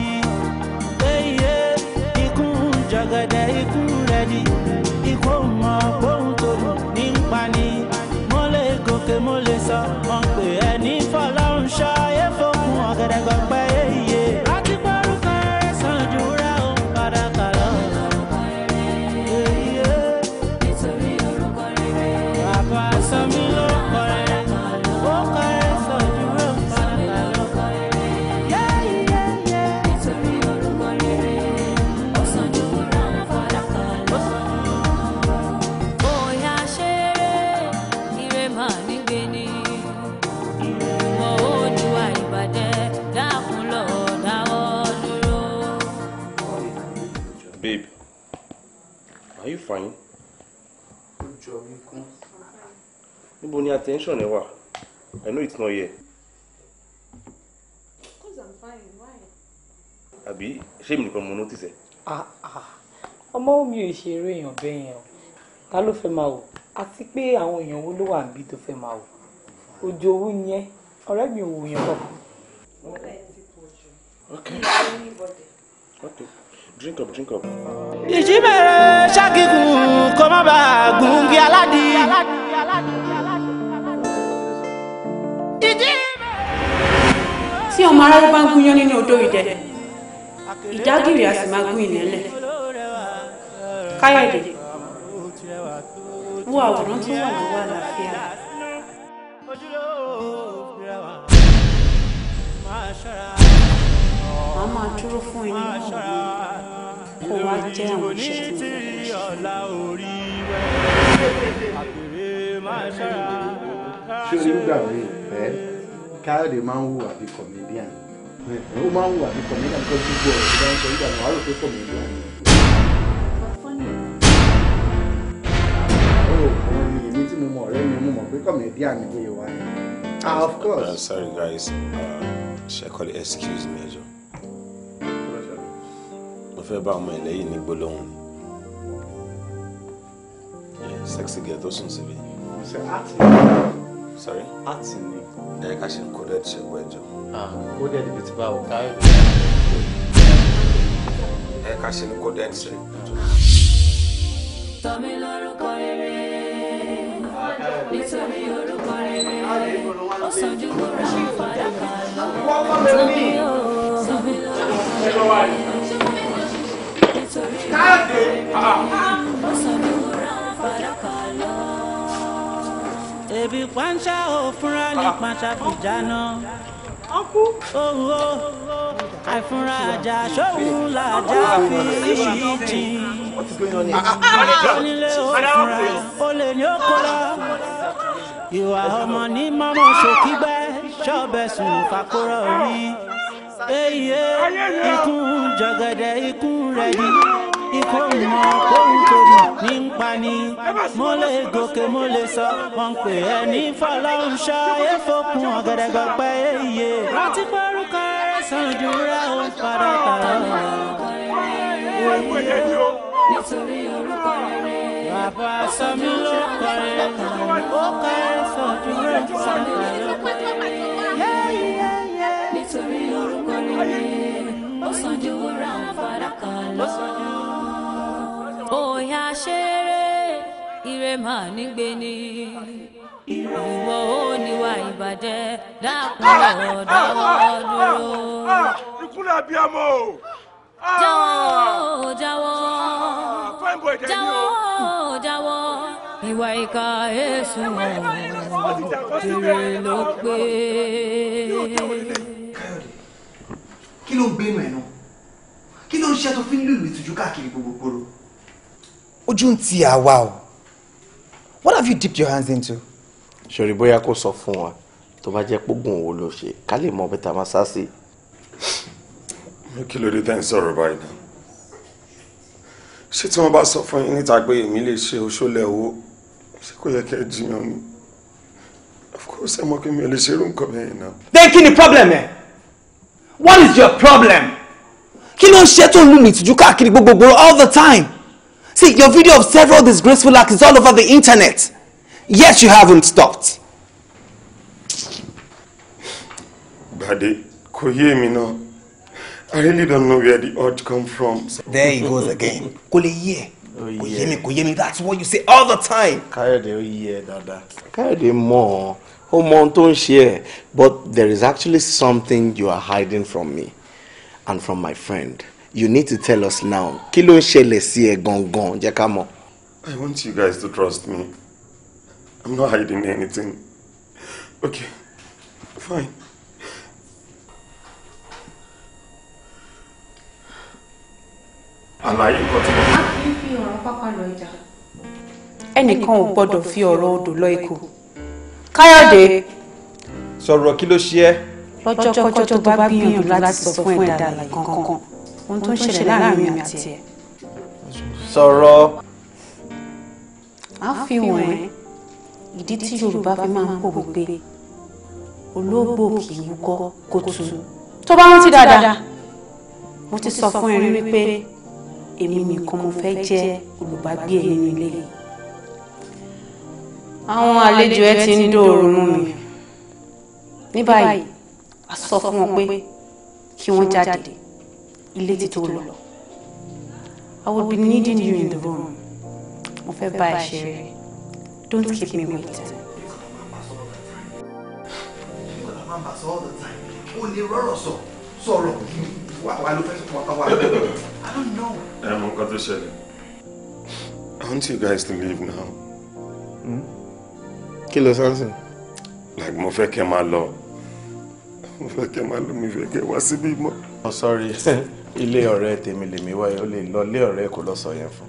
attention ẹ wà I know it's not here. Cause I'm fine, why? àbí ṣé mi nìkan mo notice ẹ. Ah, ah. ọmọ mi ò ṣeré èèyàn bẹ́ẹ̀ yẹn o ta ló fẹ́ ma. wò àti pé àwọn èèyàn wo ló wà níbi tó fẹ́ máa wò ojú owó yẹn ọ̀rẹ́ mi ò wò yẹn okay okay drink up drink up. ìjì bẹ̀rẹ̀ ṣáàkì kù kó má bàa tí ọmọ aráyé bá ń gúnyán nínú odó ìdẹ ìdágìrì a sì máa gún ìnẹ́lẹ̀ káyọ̀dé wo àwòrán tó wà lọ́wọ́ àlàáfíà màá máa dúró fún inú náà kó wá jẹ́ àwọn iṣẹ́ tí ṣé o ní gbàgbé bẹ́ẹ̀ káyọ̀dé máa ń hùwà bí comedian ó máa ń hùwà bí comedian tó gbogbo ọ̀rọ̀ tó bá ń sọ nígbà náà wàá rò pé comedian ni. ó kàn ní èmi tí mo mọ ah of course. i'm uh, sorry guys uh, ṣe kọ́ lè excuse me ẹjọ́ mo fẹ́ bá ọmọ ẹlẹ́yìn ní gbólóhùn ni sexy girl tó sùn síbi. mo ṣe sorry. àti ni. ẹ ká ṣe coded ṣẹ́gun ẹjọ́. ah coded bíi ti báwo ká ẹ. ẹ ká ṣe coded ṣẹ́gun ẹjọ́. tọ́mi lórúkọ rere nítorí orúkọ rere ọ̀sánjú kò ra padà kà lọ. tọ́mi o òbí pàǹṣá ò fúnra ní ah. pàǹṣá fìjà náà. Owó àìfúnra àjà ṣóhun làjà fi ìjìn. Onílé ò fúnra olè ní oko lọ. Ìwà ọmọ ní mọ́mọ́ ṣòkígbẹ́ ṣọ́ọ̀bẹ sùn fàkúrọ̀ rí. Eyín ikú jọ̀gẹ̀dẹ̀ ikú rẹ̀ ni ikọ̀ mọ̀ ohun tó mọ̀ ní ń pa ni mo lè gòkè mo lè sọ wọn pè ẹ́ ní fọláhùnṣá efokun ọ̀gẹ̀dẹ̀gbọ̀ pẹ́ iye rántí pẹ́rùkọ rẹ̀ sàn ju rà ó padà tààrà. nítorí orúkọ rẹ̀. Bàbá sọ mí ló kọrin, ó kọrin sàn ju rẹ̀ sàn ju nítorí orúkọ rere ó sàn ju wúrà ń fara kan bóyá ṣeré ire máa nígbè ni ìwọ ò níwà ìbàjẹ́ dákun ọ̀dọ́ dúró. ìkúlẹ̀ abiyamọ ah. Ah, o. jáwọ́ jáwọ́ jáwọ́ jáwọ́ ìwà ìka èso ire ló pé. kí ló ń gbénu ẹ̀ náà kí ló ń ṣe tó fi ń lùlù ìtújú káàkiri gbogbo ojú ń ti àwa o what have you dipped your hands into. ṣòrí bóyá kò sọ fún wa tó bá jẹ́ pógun òwò ló ṣe ká lè mọ bẹ́tà máa sá sí. kí ló dé tẹ́ ń sọ̀rọ̀ báyìí náà ṣé tí wọ́n bá sọ fún yín níta pé èmi lè ṣe oṣoolẹ̀ owó ṣé kò yẹ kẹ́ ẹ jiyàn ni of course ẹ mọ̀ pé mi ò lè ṣe irú nǹkan bẹ́ẹ̀ náà. then kí ni problem ẹ what is your problem kí ló ń ṣe tó ń lù ní ìtìjú káàkiri gbogbogbò all the time. See, your video of several disgraceful acts is all over the internet. Yet you haven't stopped. Daddy, kò yé mi náà. I really don't know where the urge come from. So. There he goes again. Kò ye. yé. Kò yé mi, kò mi. That's what you say all the time. Káyọ̀dé de yé ẹ dáadáa. Káyọ̀dé mọ̀ ọ́. Ó mọ ohun tó But there is actually something you are hiding from me and from my friend you need to tell us now kí ló ń ṣẹlẹ̀ sí ẹ gangan jẹ́ ká mọ̀. I want you guys to trust me I'm not hiding anything okay fine. àlàyé nǹkan tí mo. a kì í fi ọ̀rọ̀ pápá lọ ìjà. ẹnìkan ò gbọ́dọ̀ fi ọ̀rọ̀ odò lọ ikú. káyọ̀dé. sọ̀rọ̀ kí ló ṣe ẹ́. lọ́jọ́ kọjọ́ tó bá gbìyànjú láti sọ fún ẹ̀dá àlàyé kankan ohun tó ń ṣẹlẹ̀ láàrin mi àti ẹ̀. sọ̀rọ̀. a fi hàn ẹ́ ìdí tí yorùbá fi máa ń pò wípé olóògbò kì í wúkọ́ kó tu. tó bá rántí dáadáa mo ti sọ fún ẹ wípé èmi nìkan mo fẹ́ jẹ́ olùbágbé ẹ nínú ilé àwọn àlejò ẹ ti ń dóorùn mú mi ní báyìí a sọ fún wọn pé kí wọ́n jáde ilé tí tó lọ I will be needing you in the room mo fẹ́ bá ẹ ṣeré don't keep me waiting. o lè rọrọ sọ sọ̀rọ̀ wà ló fẹ́ sọ wà wà I don't know. ẹ mọ nǹkan tó ṣẹlẹ̀. Aren't you guys to leave now? Hmm? Kí ló sánsìn? Like mo fẹ́ kẹ́ máa lọ. Mo fẹ́ kẹ́ máa lọ, mi Oh sorry. ilé ọ̀rẹ́ tèmi lèmi wáyé ó lè lọ ilé ọ̀rẹ́ kò lọ sọ yẹn fún.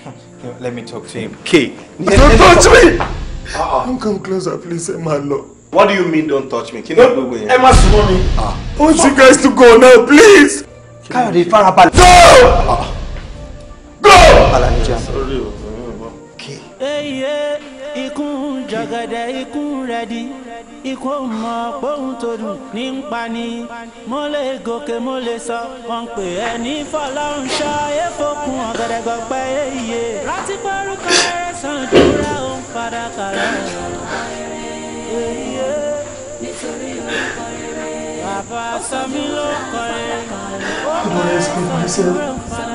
let me talk to him. k. don't touch me. don't ah, ah. come closer please ẹ máa lọ. what do you mean don't touch me. kí ni gbogbo yẹn. ẹ má sùn mọ́ mi. Ah. i want you guys to go now please. káyọ̀dé farabalẹ̀. go. go. alajà. k. ikú jọ̀gẹ̀dẹ̀ ikú rẹ̀ di ikú mọ pohùn tó dùn ní ń pani mo lè gòkè mo lè sọ wọn pè ẹ ní fọlọ́run ṣọ efokun ọ̀gẹ̀dẹ̀gọ̀pẹ̀ èyí láti gbórúkọ rẹ sàn jùlọ òun padà kàlẹ́ nítorí orúkọ rere bàbá sọ mi ló kọ rere ó kọ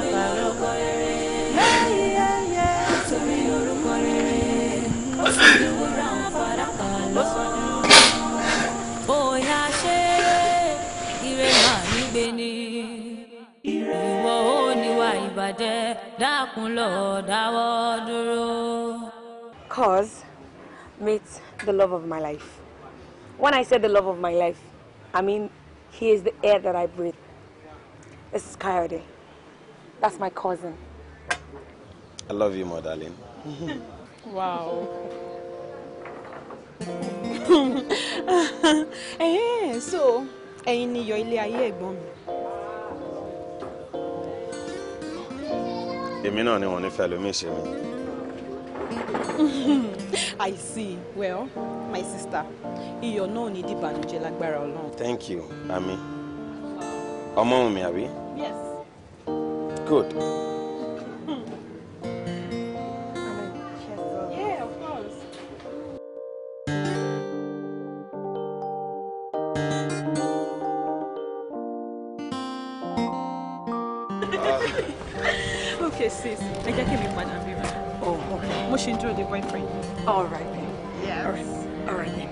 bàjẹ́ dákun lọ dáwọ́ dúró. Cause meets the love of my life. When I say the love of my life, I mean he is the air that I breathe. This is Coyote. That's my cousin. I love you more, darling. wow. eh, so, ẹ̀yin ni yọ ilé ayé ẹ̀gbọ́n mi. èmi náà ni wọ́n ní fẹ́ lómi ṣe I see well my sister iyọ̀ náà ní dìbànújẹ́ lágbára Ọlọ́run. Thank you Ami ọmọ òun mi àbí. Yes. Good. sis. I can't in man and Oh, okay. Must enjoy the boyfriend. All right, then. Yes. All right. All right, then.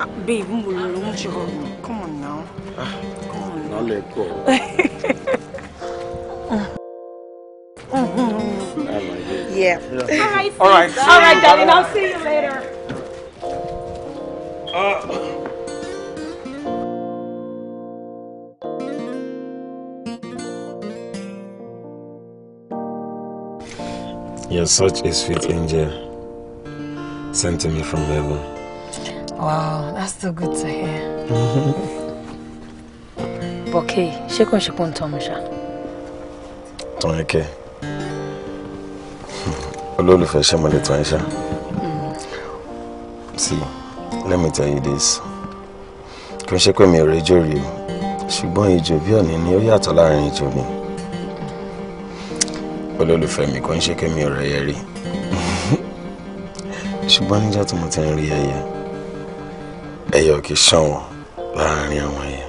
Uh, babe, ah, come on now. Ah, come on. Now let go. Yeah. yeah. All right. All right, darling. I'll see you later. Uh. You're such a sweet angel sent to me from heaven. Wow, that's too good to hear. Okay, mm-hmm. ṣé kò ń ṣe pé ń tán mi ṣá? Tán ẹ kẹ́. Mm-hmm. See, let me tell you this. Kò ń ṣe pé mi ò rẹ́jọ́ rí o, ṣùgbọ́n ìjò bí ọ̀nì ni ó yàtọ̀ láàrin ìjò pẹ̀lú olùfẹ́ mi kò ń ṣe kémi ọ̀rẹ́ yẹn rí ṣùgbọ́n níjọ́ tí mo ti ń rí ẹyẹ ẹyẹ ò kì í ṣàn wọ́n láàárín àwọn ẹyẹ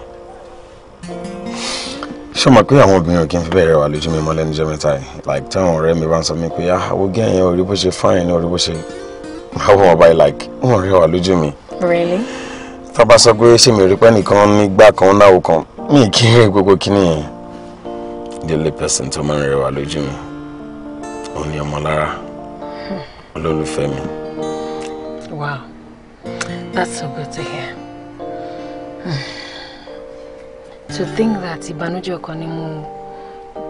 ṣé o mọ̀ pé àwọn obìnrin ò kí n fi bẹ̀rẹ̀ wà lójú mi mọ́ lẹ́nu jẹ́ mẹ́ta yìí like táwọn ọ̀rẹ́ mi bá ń sọ mí pé àwọn ah, gẹ́ ẹ̀yẹn orí bó ṣe fáyìn ní orí bó ṣe máa wọ̀ báyìí like wọ́n rí wà lójú mi. really. tá bá sọ pé ṣé mi rí pé nìkan nígbà kan náà kan mi kí n rí gbogbo kíní yẹn the only person tó máa ń rẹwà lójú mi òun ni ọmọlára olólùfẹ́ mi. wow that's so good to hear. Hmm. to think that ìbànújẹ́ ọkàn ni mo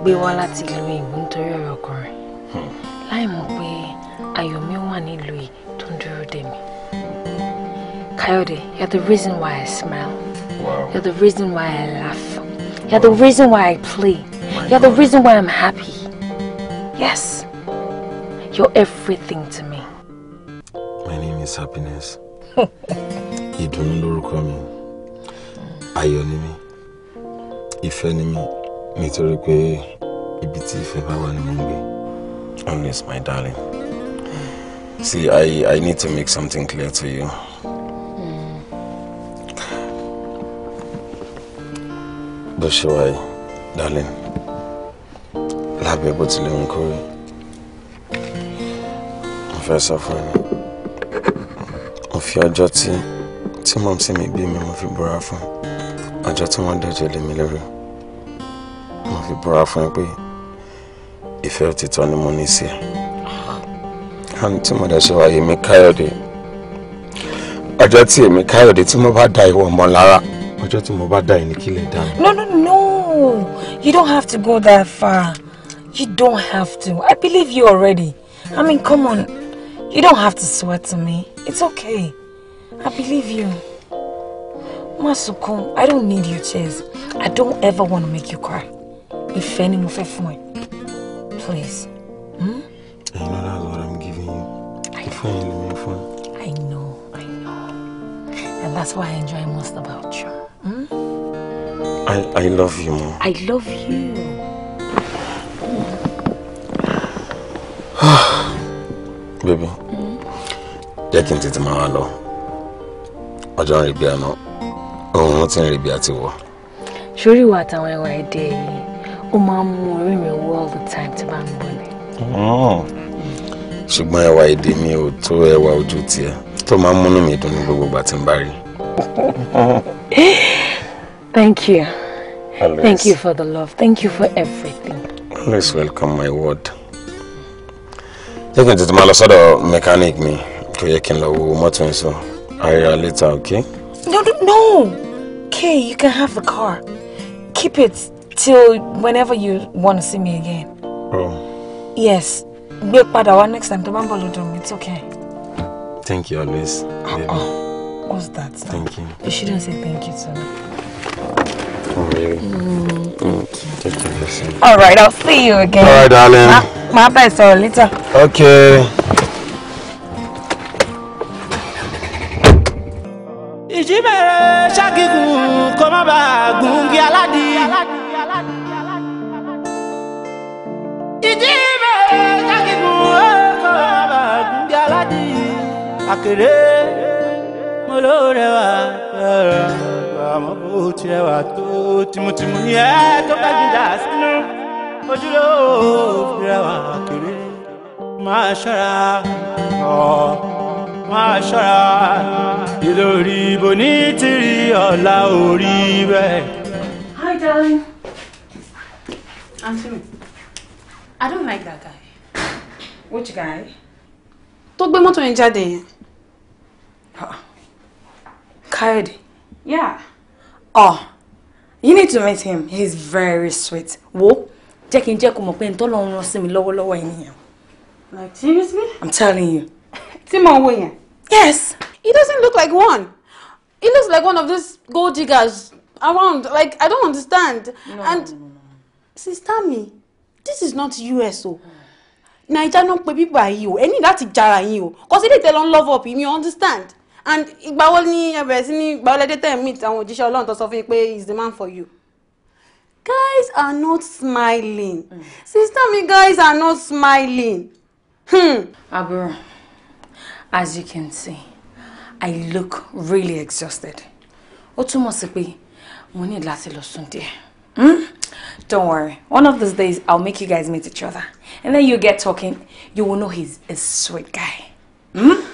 gbé wá láti ìlú èyí nítorí ọ̀rọ̀ ọkùnrin hmm. láì mọ̀ pé ayọ̀ mi wà nílùú yìí tó ń dúró dè mí. Coyote, you're the reason why I smile. Wow. You're the reason why I laugh. You're wow. the reason why I play. My you're God. the reason why I'm happy. Yes. You're everything to me. My name is Happiness. Ìdùnnú lórúkọ mi. Ayọ̀ ni mí. Ìfẹ́ ni mí. Nítorí pé ibi tí ìfẹ́ bá wà ni mo ń gbé. Always my darling. See, I, I need to make something clear to you. Bó ṣe wáyé, darling, lábẹ́ bó tilẹ̀ ń kórè fẹ́ sọ fún yín mo fi ọjọ́ tí tí mọ̀ sí mi bí mi mo fi búra fún ọjọ́ tí wọ́n dẹ̀jẹ̀ lé mi lórí mo fi búra fún yín pé ìfẹ́ òtítọ́ ni mo ní sí ẹ àwọn tí mo dẹ̀ ṣe wáyé mi káyọ̀dé ọjọ́ tí èmi káyọ̀dé tí mo bá da ìwọ mọ́ lára ọjọ́ tí mo bá da ẹ̀ ní no no no you don't have to go that far you don't have to i believe you already i mean come on. You don't have to swear to me. It's okay. I believe you. Masukum, I don't need your tears. I don't ever want to make you cry. If any more Please. Hmm? You know that's what I'm giving you. If any I know. I know, I know. And that's what I enjoy most about you. Hmm? I, I love you, Mom. I love you. Baby, jẹ́ kí n tètè máa lọ ọjọ́ ń rí bí àná òun ti ń rí àti wọ̀. sórí ìwà àtàwọn ẹwà èdè yìí ó máa ń mú orí mi wú all the time tí bá ń bọ̀ ni. Hmm. ṣùgbọ́n ẹwà èdè mi ò tó ẹwà ojú tiẹ̀ tó máa ń múnú mi dùn ní gbogbo ìgbà tí n bá rí. thank you always. thank you for the love thank you for everything. always welcome my word. jẹ́ kí n tètè máa lọ sọ́dọ̀ mechanic mi ó yẹ kí n lọ wo mọ́tò yẹn sọ àríra later okay. no no no Kay you can have the car keep it till whenever you wanna see me again. oh. yes gbé padà wá next time tó bá ń bọ̀ lọ́dọ̀ mi it's okay. thank you always. Uh -uh. What's that? Sir? Thank you. You shouldn't say thank you to me. Oh, mm. Mm. Take I'll see you again. Alright, darling. My, my best, sorry, later. Okay. ìdímẹ̀rẹ̀ jákèkùn ọkọ̀ àbàkùn bí aládé àkèrè mo ló rẹwà lọ́rọ̀ àmọ́ bó ti rẹwà tó tìmùtìmù yẹn tó bá gbìjà sínú ojúlówó rẹwà àkèrè máa ṣọ́ra ọ̀ máa ṣọ́ra ìlórí ibo ní tìrì ọ̀la orí bẹ́ẹ̀. Hi darling. I'm me. I don't like that guy. Which guy? Tó gbé mọ́tò yẹn jáde yẹn. Káyọ̀dé. Yeah. Oh, you need to meet him. He's very sweet. Wo, jẹ́ kí n jẹ́ kó mọ̀ pé n tọ́lọ́ ń rán sí mi lọ́wọ́lọ́wọ́ ènìyàn. Like seriously? I'm telling you. Tí mo wo yẹn. Yes. He doesn't look like one. He looks like one of those gold diggers around. Like, I don't understand. No, and no, no, no. Sister mi this is not us o naija náà pe bíbá yìí o ẹ ní láti jara yín o cause ilé ìtẹ́lọ́ ń love up You understand and ìgbà wo ni ẹ bẹ̀rẹ̀ sí ní ìgbà wọlé meet àwọn òjíṣẹ́ ọlọ́run tó sọ fún yín is the man for you guys are not smiling mm. sister mi guys are not smiling. Hmm. aburo as you can see i look really exhausted ó túmọ̀ sí pé mo ní láti lọ sùn díẹ̀. Hmm? Don't worry. One of those days, I'll make you guys meet each other. And then you get talking, you will know he's a sweet guy. Hmm?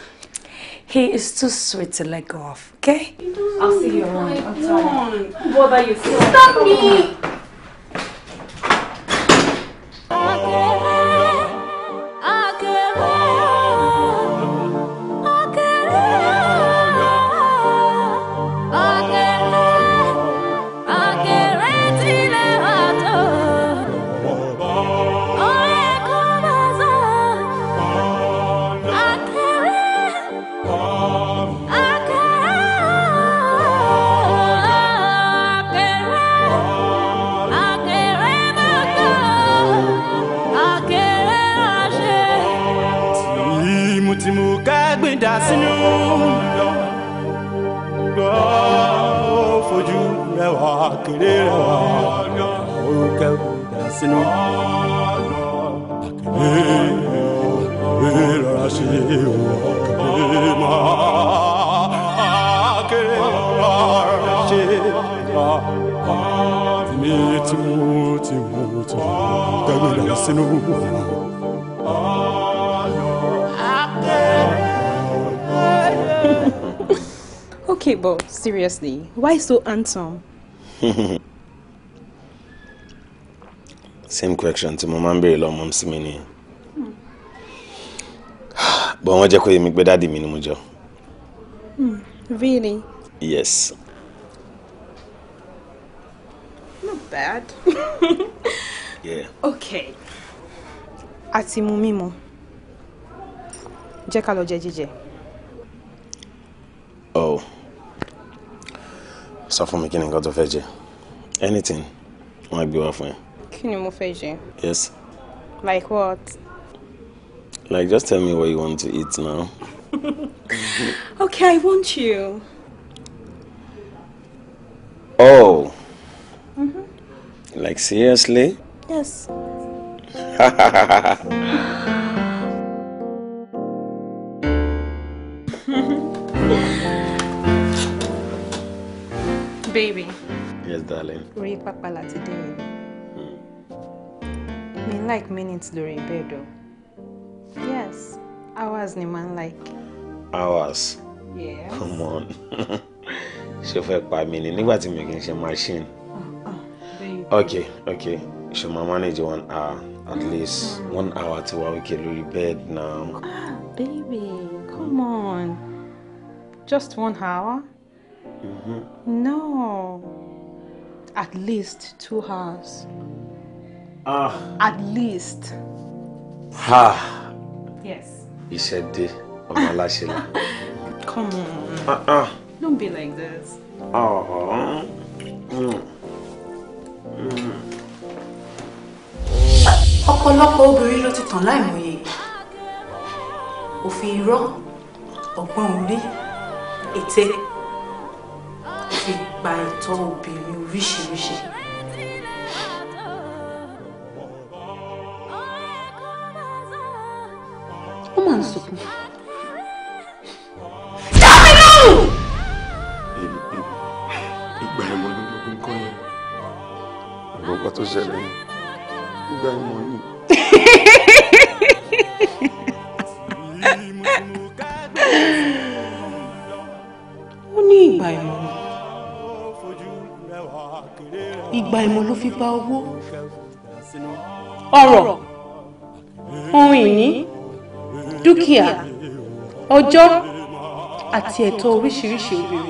He is too sweet to let go of, okay? I'll see you around. I'm sorry. about you. Stop me! i lọ fojú rẹwà kéré rẹwà orúkẹ Okay, but seriously, why so handsome? Same question to mo máa ń béèrè lọ́mọ sí But I'm jẹ́ to yé mi pé dáàdì mi hmm, Really? Yes. Not bad. yeah. Okay. Ati mumimo. Jekalo Jẹ́ ká Oh sọ fún mi kí ni nǹkan tó fẹ́ jẹ anything wọ́n á gbé wá fún ẹ. kí ni mo fẹ́ jẹ. yes. like what. like just tell me what you want to eat now. okay I want you. oh. Mm-hmm. like seriously. yes. baby. Yes, darling. Orí pápá láti dé yìí. Mi hmm. like minutes lórí bed o. Yes, hours ni máa ń like. Hours? Yeah. Come on. Ṣé o fẹ́ pa mí ni nígbà tí mi kì í machine? Uh-uh, okay, okay. Ṣé máa manage one hour at uh-huh. least one hour ti wá òkè lórí bed now. Ah, baby, come on. Just one hour? Mm-hmm. No. At least two hours. Ah. At least. Ha. Yes. said Iṣẹ́ my last aláṣẹ. Come on. Uh-uh. Don't be like this. Uh-huh. Mm. Mm. Ọ̀pọ̀lọpọ̀ obìnrin ló ti tàn láìmọye. Òfin irọ́, ọgbọ́n orí, ète nípa ẹ̀tọ́ obìnrin oríṣiríṣi. ó máa ń sunkún. ìgbà tó ṣẹlẹ̀ yẹn ìgbà ìmọ̀ ni. ó ní ìgbà ìmọ̀ ni. ìgbà ìmọ̀ ló fi gba owó ọrọ̀ ohun ìní dúkìá ọjọ́ àti ẹ̀tọ́ oríṣiríṣi obìnrin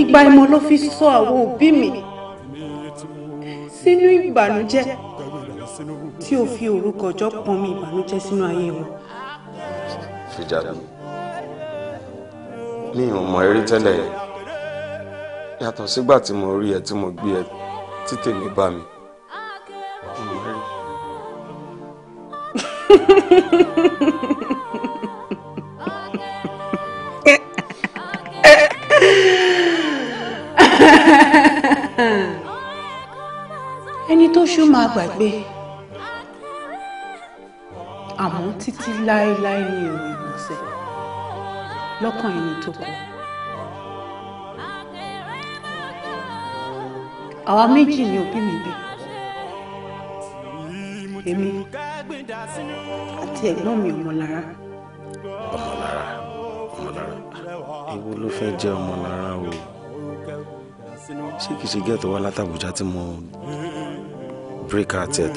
ìgbà ìmọ̀ ló fi sọ àwọn òbí mi sínú ìbànújẹ́ tí o fi orúkọ ọjọ́ pọn mi ìbànújẹ́ sínú ayé wọn. fìjà mi mi ò mọ eré tẹ́lẹ̀ yẹn yàtọ̀ sígbà tí mo rí ẹ tí mo gbé ẹ tí tèmi bá mi. ẹni tó ṣú máa gbàgbé àmọ́ títí láéláé ni èrò ìgbọ̀nsẹ̀ lọ́kàn ẹni tó kọ. àwa méjì ni òbí mi bí èmi àti ẹ̀gbọ́n mi ọmọlára. ọmọlára ọmọlára ewu ló fẹ́ jẹ́ ọmọlára o ṣé kìí ṣe gẹ́ẹ̀tọ̀ wá látàbújá tí mo bíríkà tiẹ̀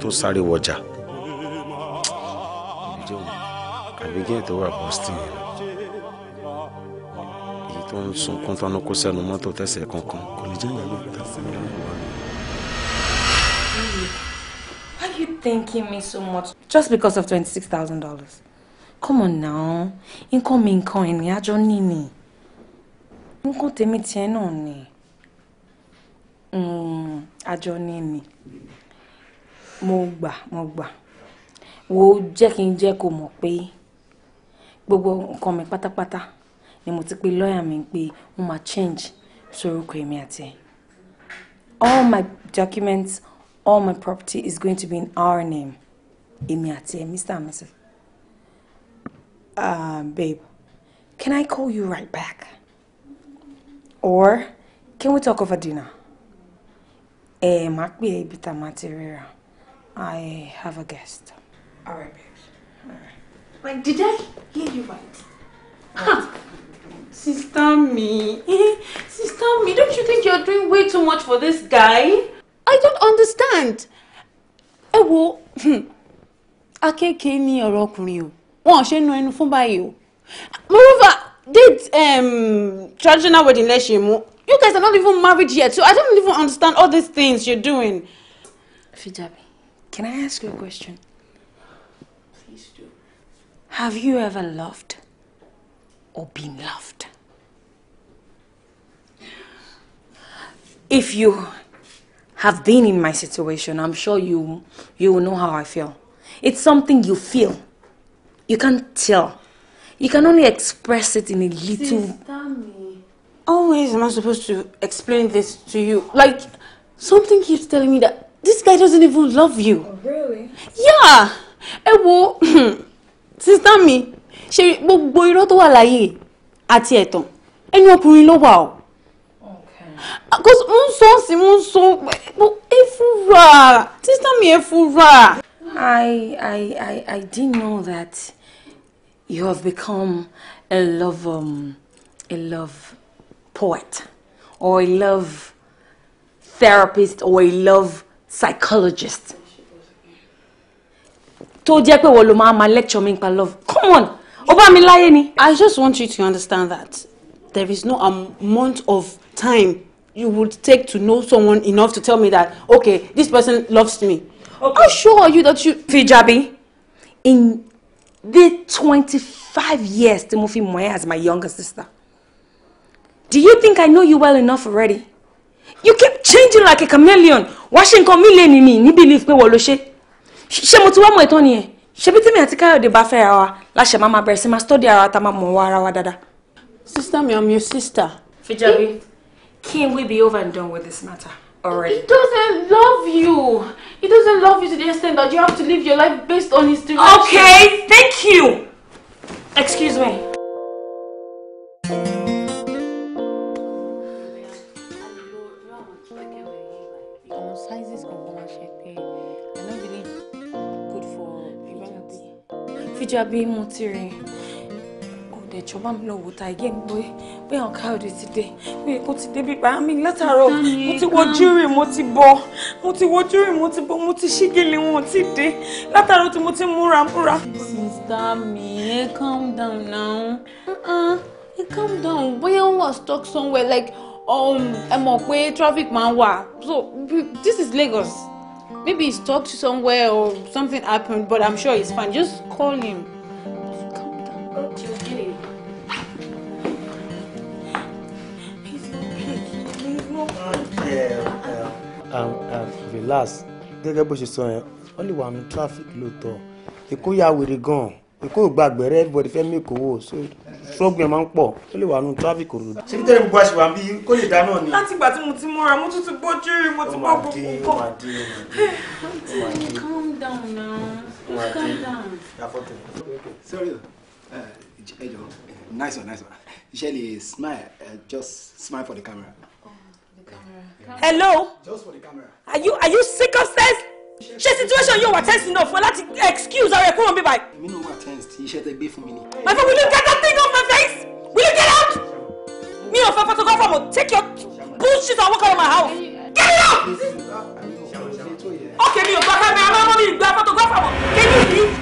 tó sáré wọjà àbí gẹ́ẹ̀tọ̀ wà boston yẹn tó ń sunkún kó sẹ́nu mọ́tò tẹ̀sẹ̀ kankan kò lè jẹ́ ìyàwó ìgbà tí mo Why you thanking me so much just because of twenty-six thousand dollars? Come on now, nǹkan mi nǹkan ẹ̀ ní àjọ nìní. Nǹkan tèmi tiẹ̀ náà ni. Àjọ hmm, nìní. Mo gbà, mo gbà. Wo jẹ́ kí n jẹ́ kó mọ̀ pé gbogbo nǹkan mi pátápátá. ni mo ti pe lọ́ọ̀yà mi pé wọ́n máa change sórúkọ èmi àti all my documents all my property is going to be in our name èmi àti Mr. and Mrs. Uh, ah, babe can I call you right back or can we talk over dinner? a I have a guest. All right, babe. All right. Wait, did I hear you right? right. Huh. Sister me, sister me, don't you think you're doing way too much for this guy? I don't understand. Ewo, wo, akéèké ní ọ̀rọ̀ ọkùnrin o, wọn ò ṣe nu ẹnu fún báyìí o. Moreover, date um, traditional wedding lẹ ṣe mú. You guys are not even married yet, so I don't even understand all these things you're doing. Fijabi, can I ask you a question? Please do. Have you ever loved or been loved? if you have been in my situation, I'm sure you you will know how I feel. It's something you feel. You can't tell. You can only express it in a little. Sister me. Always am I supposed to explain this to you? Like something keeps telling me that this guy doesn't even love you. Oh, really? Yeah. Ẹ wo sister me, ṣe gbogbo irọ́ tó wa láyé Ati eto. ẹnu kuri ló wà o because mo ń sọ sí mo efura sister me efura. I, I, I, I didn't know that you have become a love, um, a love poet or a love therapist or a love psychologist. tó jẹ́ pé wọ́n ló máa ma lecture mi nípa love come on ó bá mi láyé ni. I just want you to understand that there is no amount of time you would take to know someone enough to tell me that okay this person loves me. Okay. How sure are you that you. Fijabi in the twenty-five years tí mo fi mọ̀ my younger sister do you think I know you well enough already you keep changing like a chameleon wá ṣe nǹkan mi lè believe me ní She pé wọ́n ló ṣe ṣé mo ti wá mọ̀ ẹ̀tọ́ nìyẹn ṣebí tí mi àti Káyọ̀dé bá fẹ́ra wa láṣẹ máa máa bẹ̀rẹ̀ sí máa study ara wa tá sister me I'm your sister. Fijabi. Can we be over and done with this matter already? He doesn't love you. He doesn't love you to the extent that you have to live your life based on his direction. Okay, thank you. Excuse me. Future Fijabi Mutiri ẹ̀jọ̀ bá mi lọ wò ta again pé pé àwọn káyọ̀dé ti dé pé kó ti dé bíbá mi látàárọ̀ mo ti wo júrì mo ti bọ̀ mo ti wo júrì mo ti bọ̀ mo ti ṣígìlì wọn ti dé látàárọ̀ tí mo ti múra múra. sista mi ẹ calm down now uh-uh, ẹ calm down bóyá wọn wà stuck somewhere like um, ẹ mọ̀ pé traffic máa ń wà so this is Lagos maybe he to somewhere or something happened but I'm sure he's fine just call him. relax um, um, gẹ́gẹ́ bó ṣe sọ yẹn only lè wà ní traffic lóòótọ́ èkó ya wèrè gan-an èkó ò gbàgbé rẹ everybody fẹ́ mí kówó so struggle máa ń pọ̀ ó lè wà traffic road. ṣé kí tẹ́lẹ̀ gbogbo àṣìwà bí kó lè dáná ni. láti ìgbà tí mo ti múra mo tún ti bójú rí mo ti bọ́ gbogbo nǹkan. calm down now calm down. sorry uh, ẹ jọ nice one nice one you shall smile uh, just smile for the camera hello Just for the camera. are you are you sick upstairs? sense situation yóò wà tense enough for láti excuse ọ̀rẹ́ kúrò bíbá yìí. èmi náà wà tense tí iṣẹ́ tẹ gbé fún mi ni. my friend will you get that thing off my face will you get out. mi ò fẹ́ photocall from o take your bullshit and walk out of my house get out. okay mi ò gba camera mọ́ mi gba photocall from o can you leave.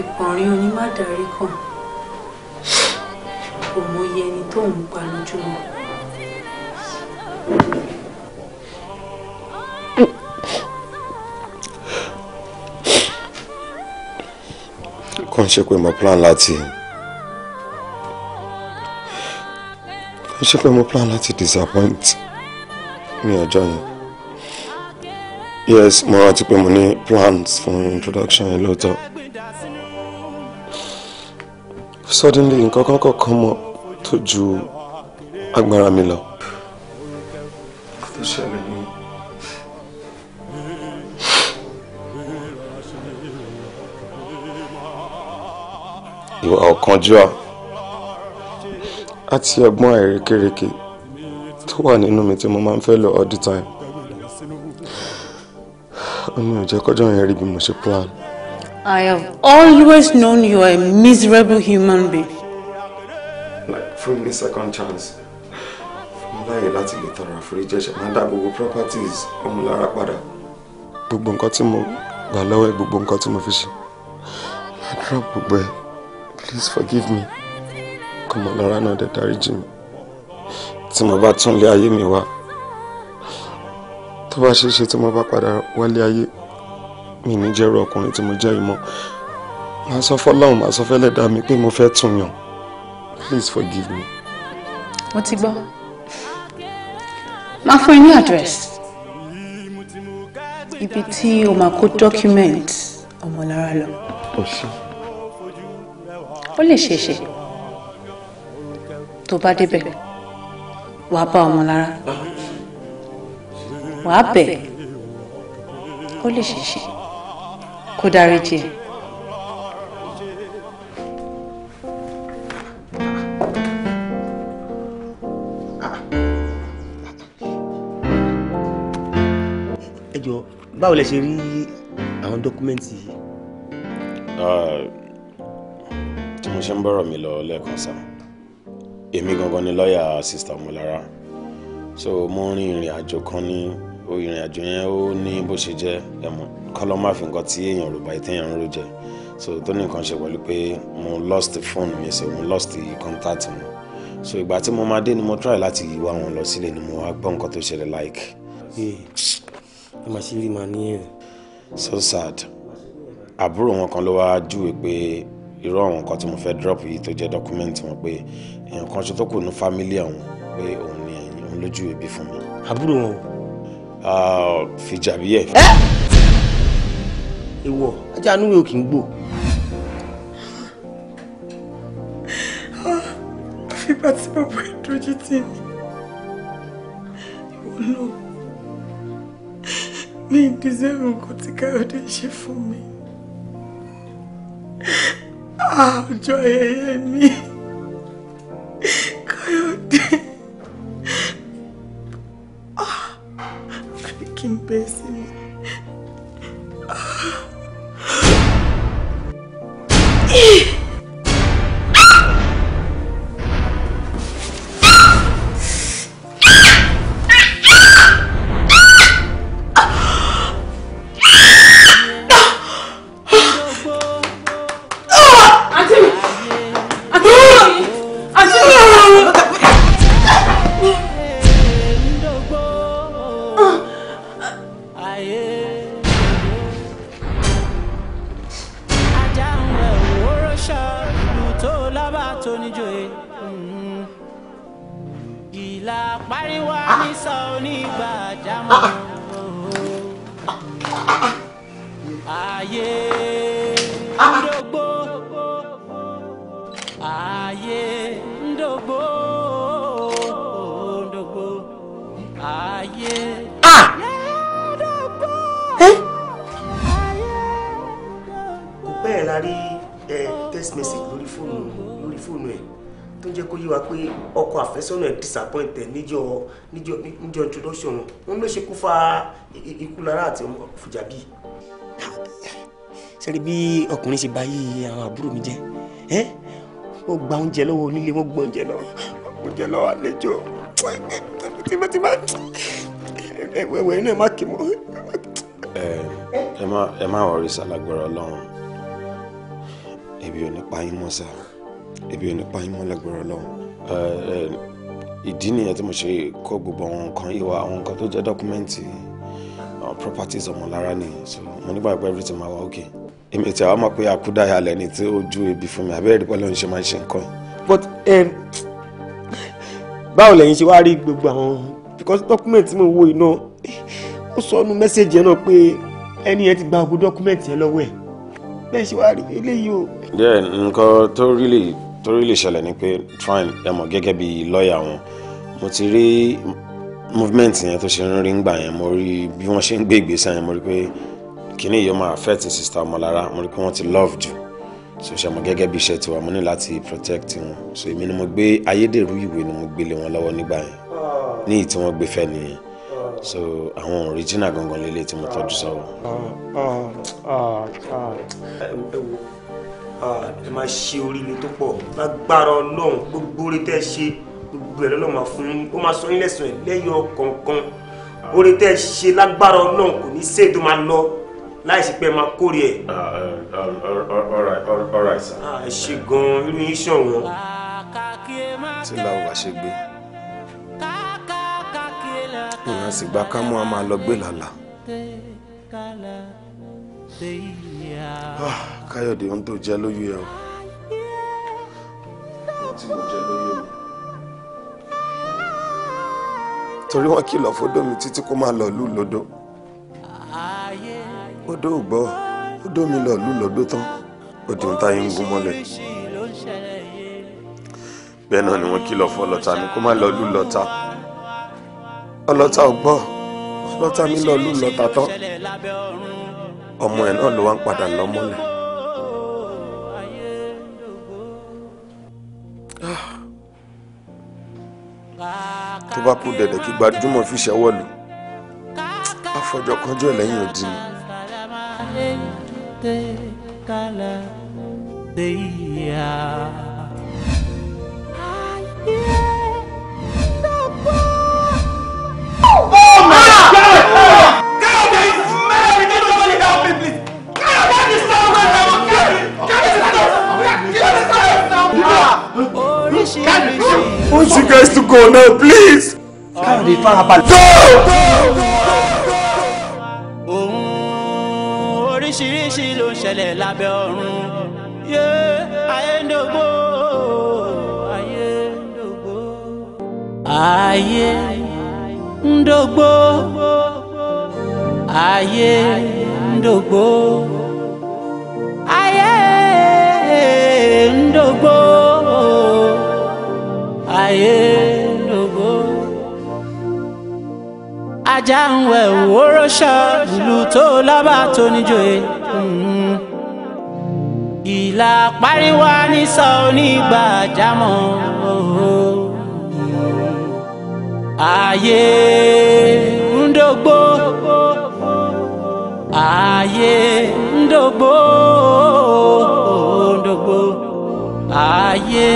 ìpọ̀nrín oní má darí kan kò mọyì ẹni tó ń pa lójúmọ́. kò ń ṣe pé mo plan láti kò ń ṣe pé mo plan láti disappoint ní ọjọ́ yẹn yes mo rántí pé mo ní plans fún introduction yẹn lóòótọ́ suddenly nǹkan kan kọ̀ọ̀kan mọ̀ tó ju agbára mi lọ. tó ṣẹlẹ̀ ni ìwà ọ̀kánjúà àti ọgbọ́n àìrékérekè tó wà nínú mi tí mo máa ń fẹ́ lọ all the time ó ní ò jẹ́ kọjọ́ yẹn rí bí mo ṣe plan. I have always known you are a miserable human being. Like, fún me second chance. Fún mi láyè láti lè tọrọ àforíjì ẹ̀ṣẹ̀ máa ń dá gbogbo properties ọmọlára padà. Gbogbo nǹkan tí mo gbà lọ́wọ́ ẹ̀ gbogbo nǹkan tí mo fi ṣe. I drop gbogbo ẹ̀. Please forgive me. Kọ́mọlára náà dẹ̀ dáríjì mi. Tí mo bá tún lé ayé mi wá. Tó bá ṣe ṣe tí mo bá padà wálé ayé mi ní jẹ́rọ ọkùnrin tí mo jẹ́ ìmọ̀ màá sọ fọlọ́run màá sọ fẹ́lẹ̀ dá mi pé mo fẹ́ tún yàn please forgive me. mo ti gbọ́ máa fún ẹ ní address ibi tí o máa kó document ọmọlára lọ. ó lè ṣeéṣe tó bá débẹ̀ wàá bá ọmọlára wàá bẹ̀ ó lè ṣeéṣe kó dáríjì ẹ. ẹ jọ báwo lẹ ṣe rí àwọn dọ́kúmẹ́ǹtì yìí. Uh, tí mo ṣe ń bọ̀rọ̀ mi lọ lẹ́ẹ̀kan sáà èmi gangan ni lọ́ọ̀yà sista ọmọlára so mo rin ìrìn àjò kan ní. Ni ìrìn àjò yẹn ó ní bó ṣe jẹ́ ẹ̀mọ́ kọ́lọ́ má fi nǹkan tí èèyàn rò báyìí téèyàn rò jẹ so tó ní nǹkan ṣe pẹ̀lú pé mo lost phone mi ṣe mo lost contact mi so ìgbà tí mo máa dé ni mo try láti wá wọn lọ sílé ni mo wá gbọ́ nǹkan tó ṣẹlẹ̀ like. ẹ máa ṣe rí màá ní ẹ̀rù. so sad àbúrò wọn kan ló wá júwe pé irú àwọn nǹkan tí mo fẹ́ drop yìí tó jẹ́ document wọn pé èèyàn kan ṣe tó kù ní family àwọn pé òun ni òun lójú ìbí fún mi. àbúrò wọn o fìjàbíyẹ. ẹ ìwọ ajá anúwe ò kì í gbò. àfipá tí bàbá ẹ dojú tì mí ìwọ náà mi ì dísẹ́rù nǹkan tí káyọ̀dé ṣe fún mi àjọ ayẹyẹ mi. disappoint ẹ níjọ níjọ níjọ introduction wọn wọn ló ṣe kú fa ikú lára àti ọmọ fújàbí. sẹ́ni bí ọkùnrin ṣe bá yí àwọn àbúrò mi jẹ́ ẹ́ wọ́n gba oúnjẹ lọ́wọ́ onílé wọ́n gbọ́ oúnjẹ lọ́wọ́ oúnjẹ lọ́wọ́ àlejò tìmọ̀tìmọ̀ ẹ̀wẹ̀ náà má kì mọ́. ẹ má wọrí sálágbára ọlọ́run ebi ò ní pa yín mọ́ sá ebi ò ní pa yín mọ́ lágbára ọlọ́run ìdí nìyẹn tí mo ṣe kó gbogbo àwọn nǹkan ìwà àwọn nǹkan tó jẹ́ dọ́kúmẹ́ǹtì uh, properties ọmọlára ni so mo nígbà pé everything máa wá ok èmi ètò àwọn máa pé àkúdáyà lẹ́ni tí ó ju ebi fún mi àbẹ́rẹ́ rí pọ́lọ́run ṣe máa ń ṣe nǹkan. but báwo lẹ́yìn ṣe wá rí gbogbo àwọn because document mo wo iná ó sọ ọ́nù mẹ́sẹ̀gì ẹ̀ náà pé ẹni yẹn ti gba gbogbo document yẹn lọ́wọ́ ẹ̀ bẹ́ẹ̀ ṣe wá rí eléyìí o. díẹ̀ nǹkan tó rí lè torí lè ṣẹlẹ̀ ni pé prime ẹ mọ̀ gẹ́gẹ́ bí lọ́ọ̀yà wọn mo ti rí movement yẹn tó ṣe ń rí ngbà yẹn mo rí bí wọ́n ṣe ń gbé ìgbésẹ̀ yẹn mo rí pé kíní yìí ó máa affect sista ọmọ lára mo rí pé wọ́n ti love jù so ṣe mọ̀ gẹ́gẹ́ bí iṣẹ́ tiwa mo ní láti protect wọn so èmi ni mo gbé ayédèrú ìwé ni mo gbé lé wọn lọ́wọ́ nígbà yẹn ní ìyí tí wọ́n gbé fẹ́ nìyẹn so àwọn original gangan lélẹ̀ tí mo tọ́jú sọ́wọ́. Ah, ah, ah, ẹ máa ṣe oríire tó pọ̀ lágbára ọlọ́run gbogbo oore tẹ́ ẹ ṣe gbogbo ẹ̀ lọ́lọ́ fún ó máa sọ yín lẹ́sùn ẹ̀ lẹ́yọ̀ kọ̀ọ̀kan oore tẹ́ ẹ ṣe lágbára ọlọ́run kò ní sí ètò máa lọ láì sí pé ẹ máa kórè ẹ̀. ẹ ṣe gan irú yín ṣàn wọ́n. tí làwọn wá ṣe gbé ìrìn àsìgbà ká mú a máa lọ gbé làlà. Ah, káyọ̀dé ohun tó jẹ́ lóyú ẹ o ohun tí mo jẹ́ lóyú mi torí wọ́n kìlọ̀ fódó mi títí kó máa lọ lù lódó odó ò gbọ́ odó mi lọ lù lódó tán odò ń ta yín gún mọ́lẹ̀ bẹ́ẹ̀ náà ni wọ́n kìlọ̀ fún ọlọ́ta mi kó má lọ lù lọ́ta ọlọ́ta ò ọlọ́ta mi lọ lù lọ́ta tán ọmọ ẹ̀ náà ló wá ń padà lọ́mọ́lẹ̀. tó bá kú dẹ̀dẹ̀ kí gbajúmọ̀ fi ṣẹ́wọ́ lù àfọjọ́ kọjọ́ lẹ́yìn òdì ni. Yeah. I want you guys to go now, please. Káyọ̀dé farabalẹ̀. Go! Ohun oríṣiríṣi ló ń ṣẹlẹ̀ lábẹ́ ọ̀run. Yé ayé ń dògbò, ayé ń ajá ń wẹ̀ òwòrọ̀ṣà ìlú tó lábà tó níjòyè. E. Hmm. ìlà pariwa ní sọ onígbàjámọ̀ ààyè ń dógbó ààyè ń dógbó ń dógbó ààyè.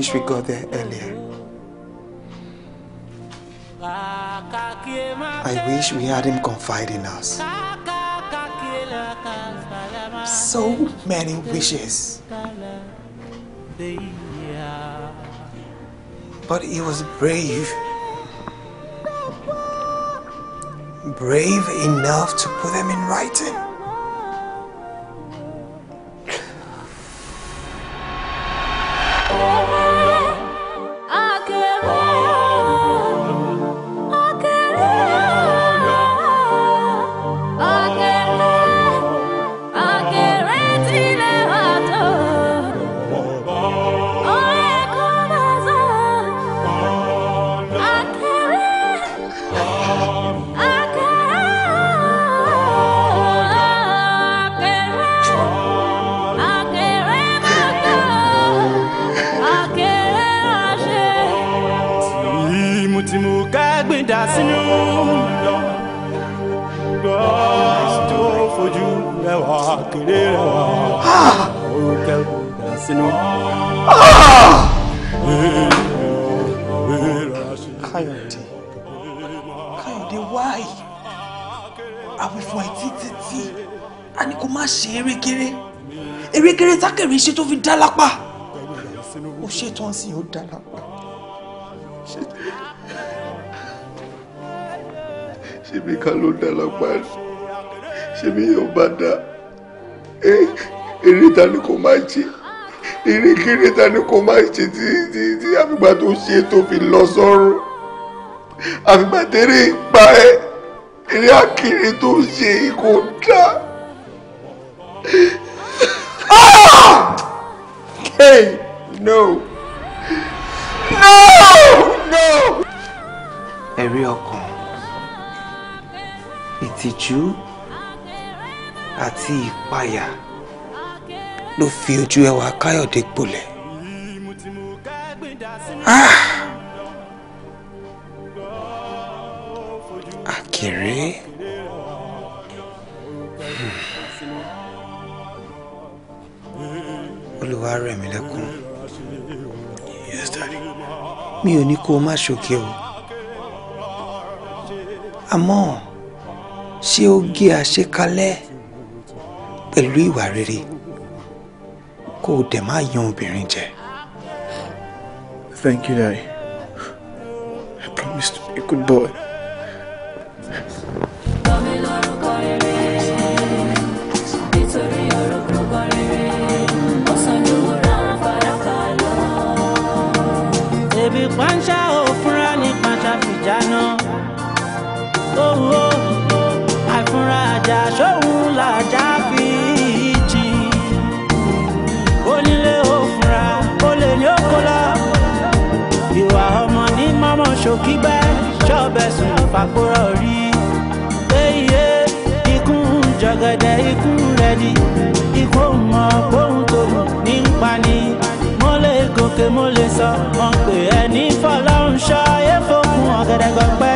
wish we got there earlier. I wish we had him confide in us. So many wishes. But he was brave. Brave enough to put them in writing. kèrè iṣẹ́ tó fi dá lápá ó ṣetán sí ó dá lápá. ṣèmi ká ló dá lápá ṣèmi yóò bá dá eré ta ni kò máa ṣe eré kéré ta ni kò máa ṣe tí tí tí àfìgbà tó ṣe tó fi lọ sọ́run àfìgbà tẹ́rẹ̀ pa ẹ́ eré akéré tó ṣe kò dá. Hey, no. No, no. you. ọkàn, ìtìjú àti ìpayà ló fi ojú ẹwà Káyọ̀dé gbolẹ̀. Ah! rẹ̀ mí lẹ́kún mi ò ní kó o má ṣòkè o àmọ́ ṣé ó gé àṣekalẹ̀ pẹ̀lú ìwà rere kó o dẹ̀ má yan obìnrin jẹ. thank you daddy i promised to be a good boy. owó àìfúnra àjà sóhun làjà fi jìn onílé òfúnra olè ni ikú mọ̀ bóun tó ní ń pa ni mo lè gòkè mo lè sọ wọn pè é ní fọlọ́run ṣọ́ èèfó kún ọ̀gẹ̀dẹ̀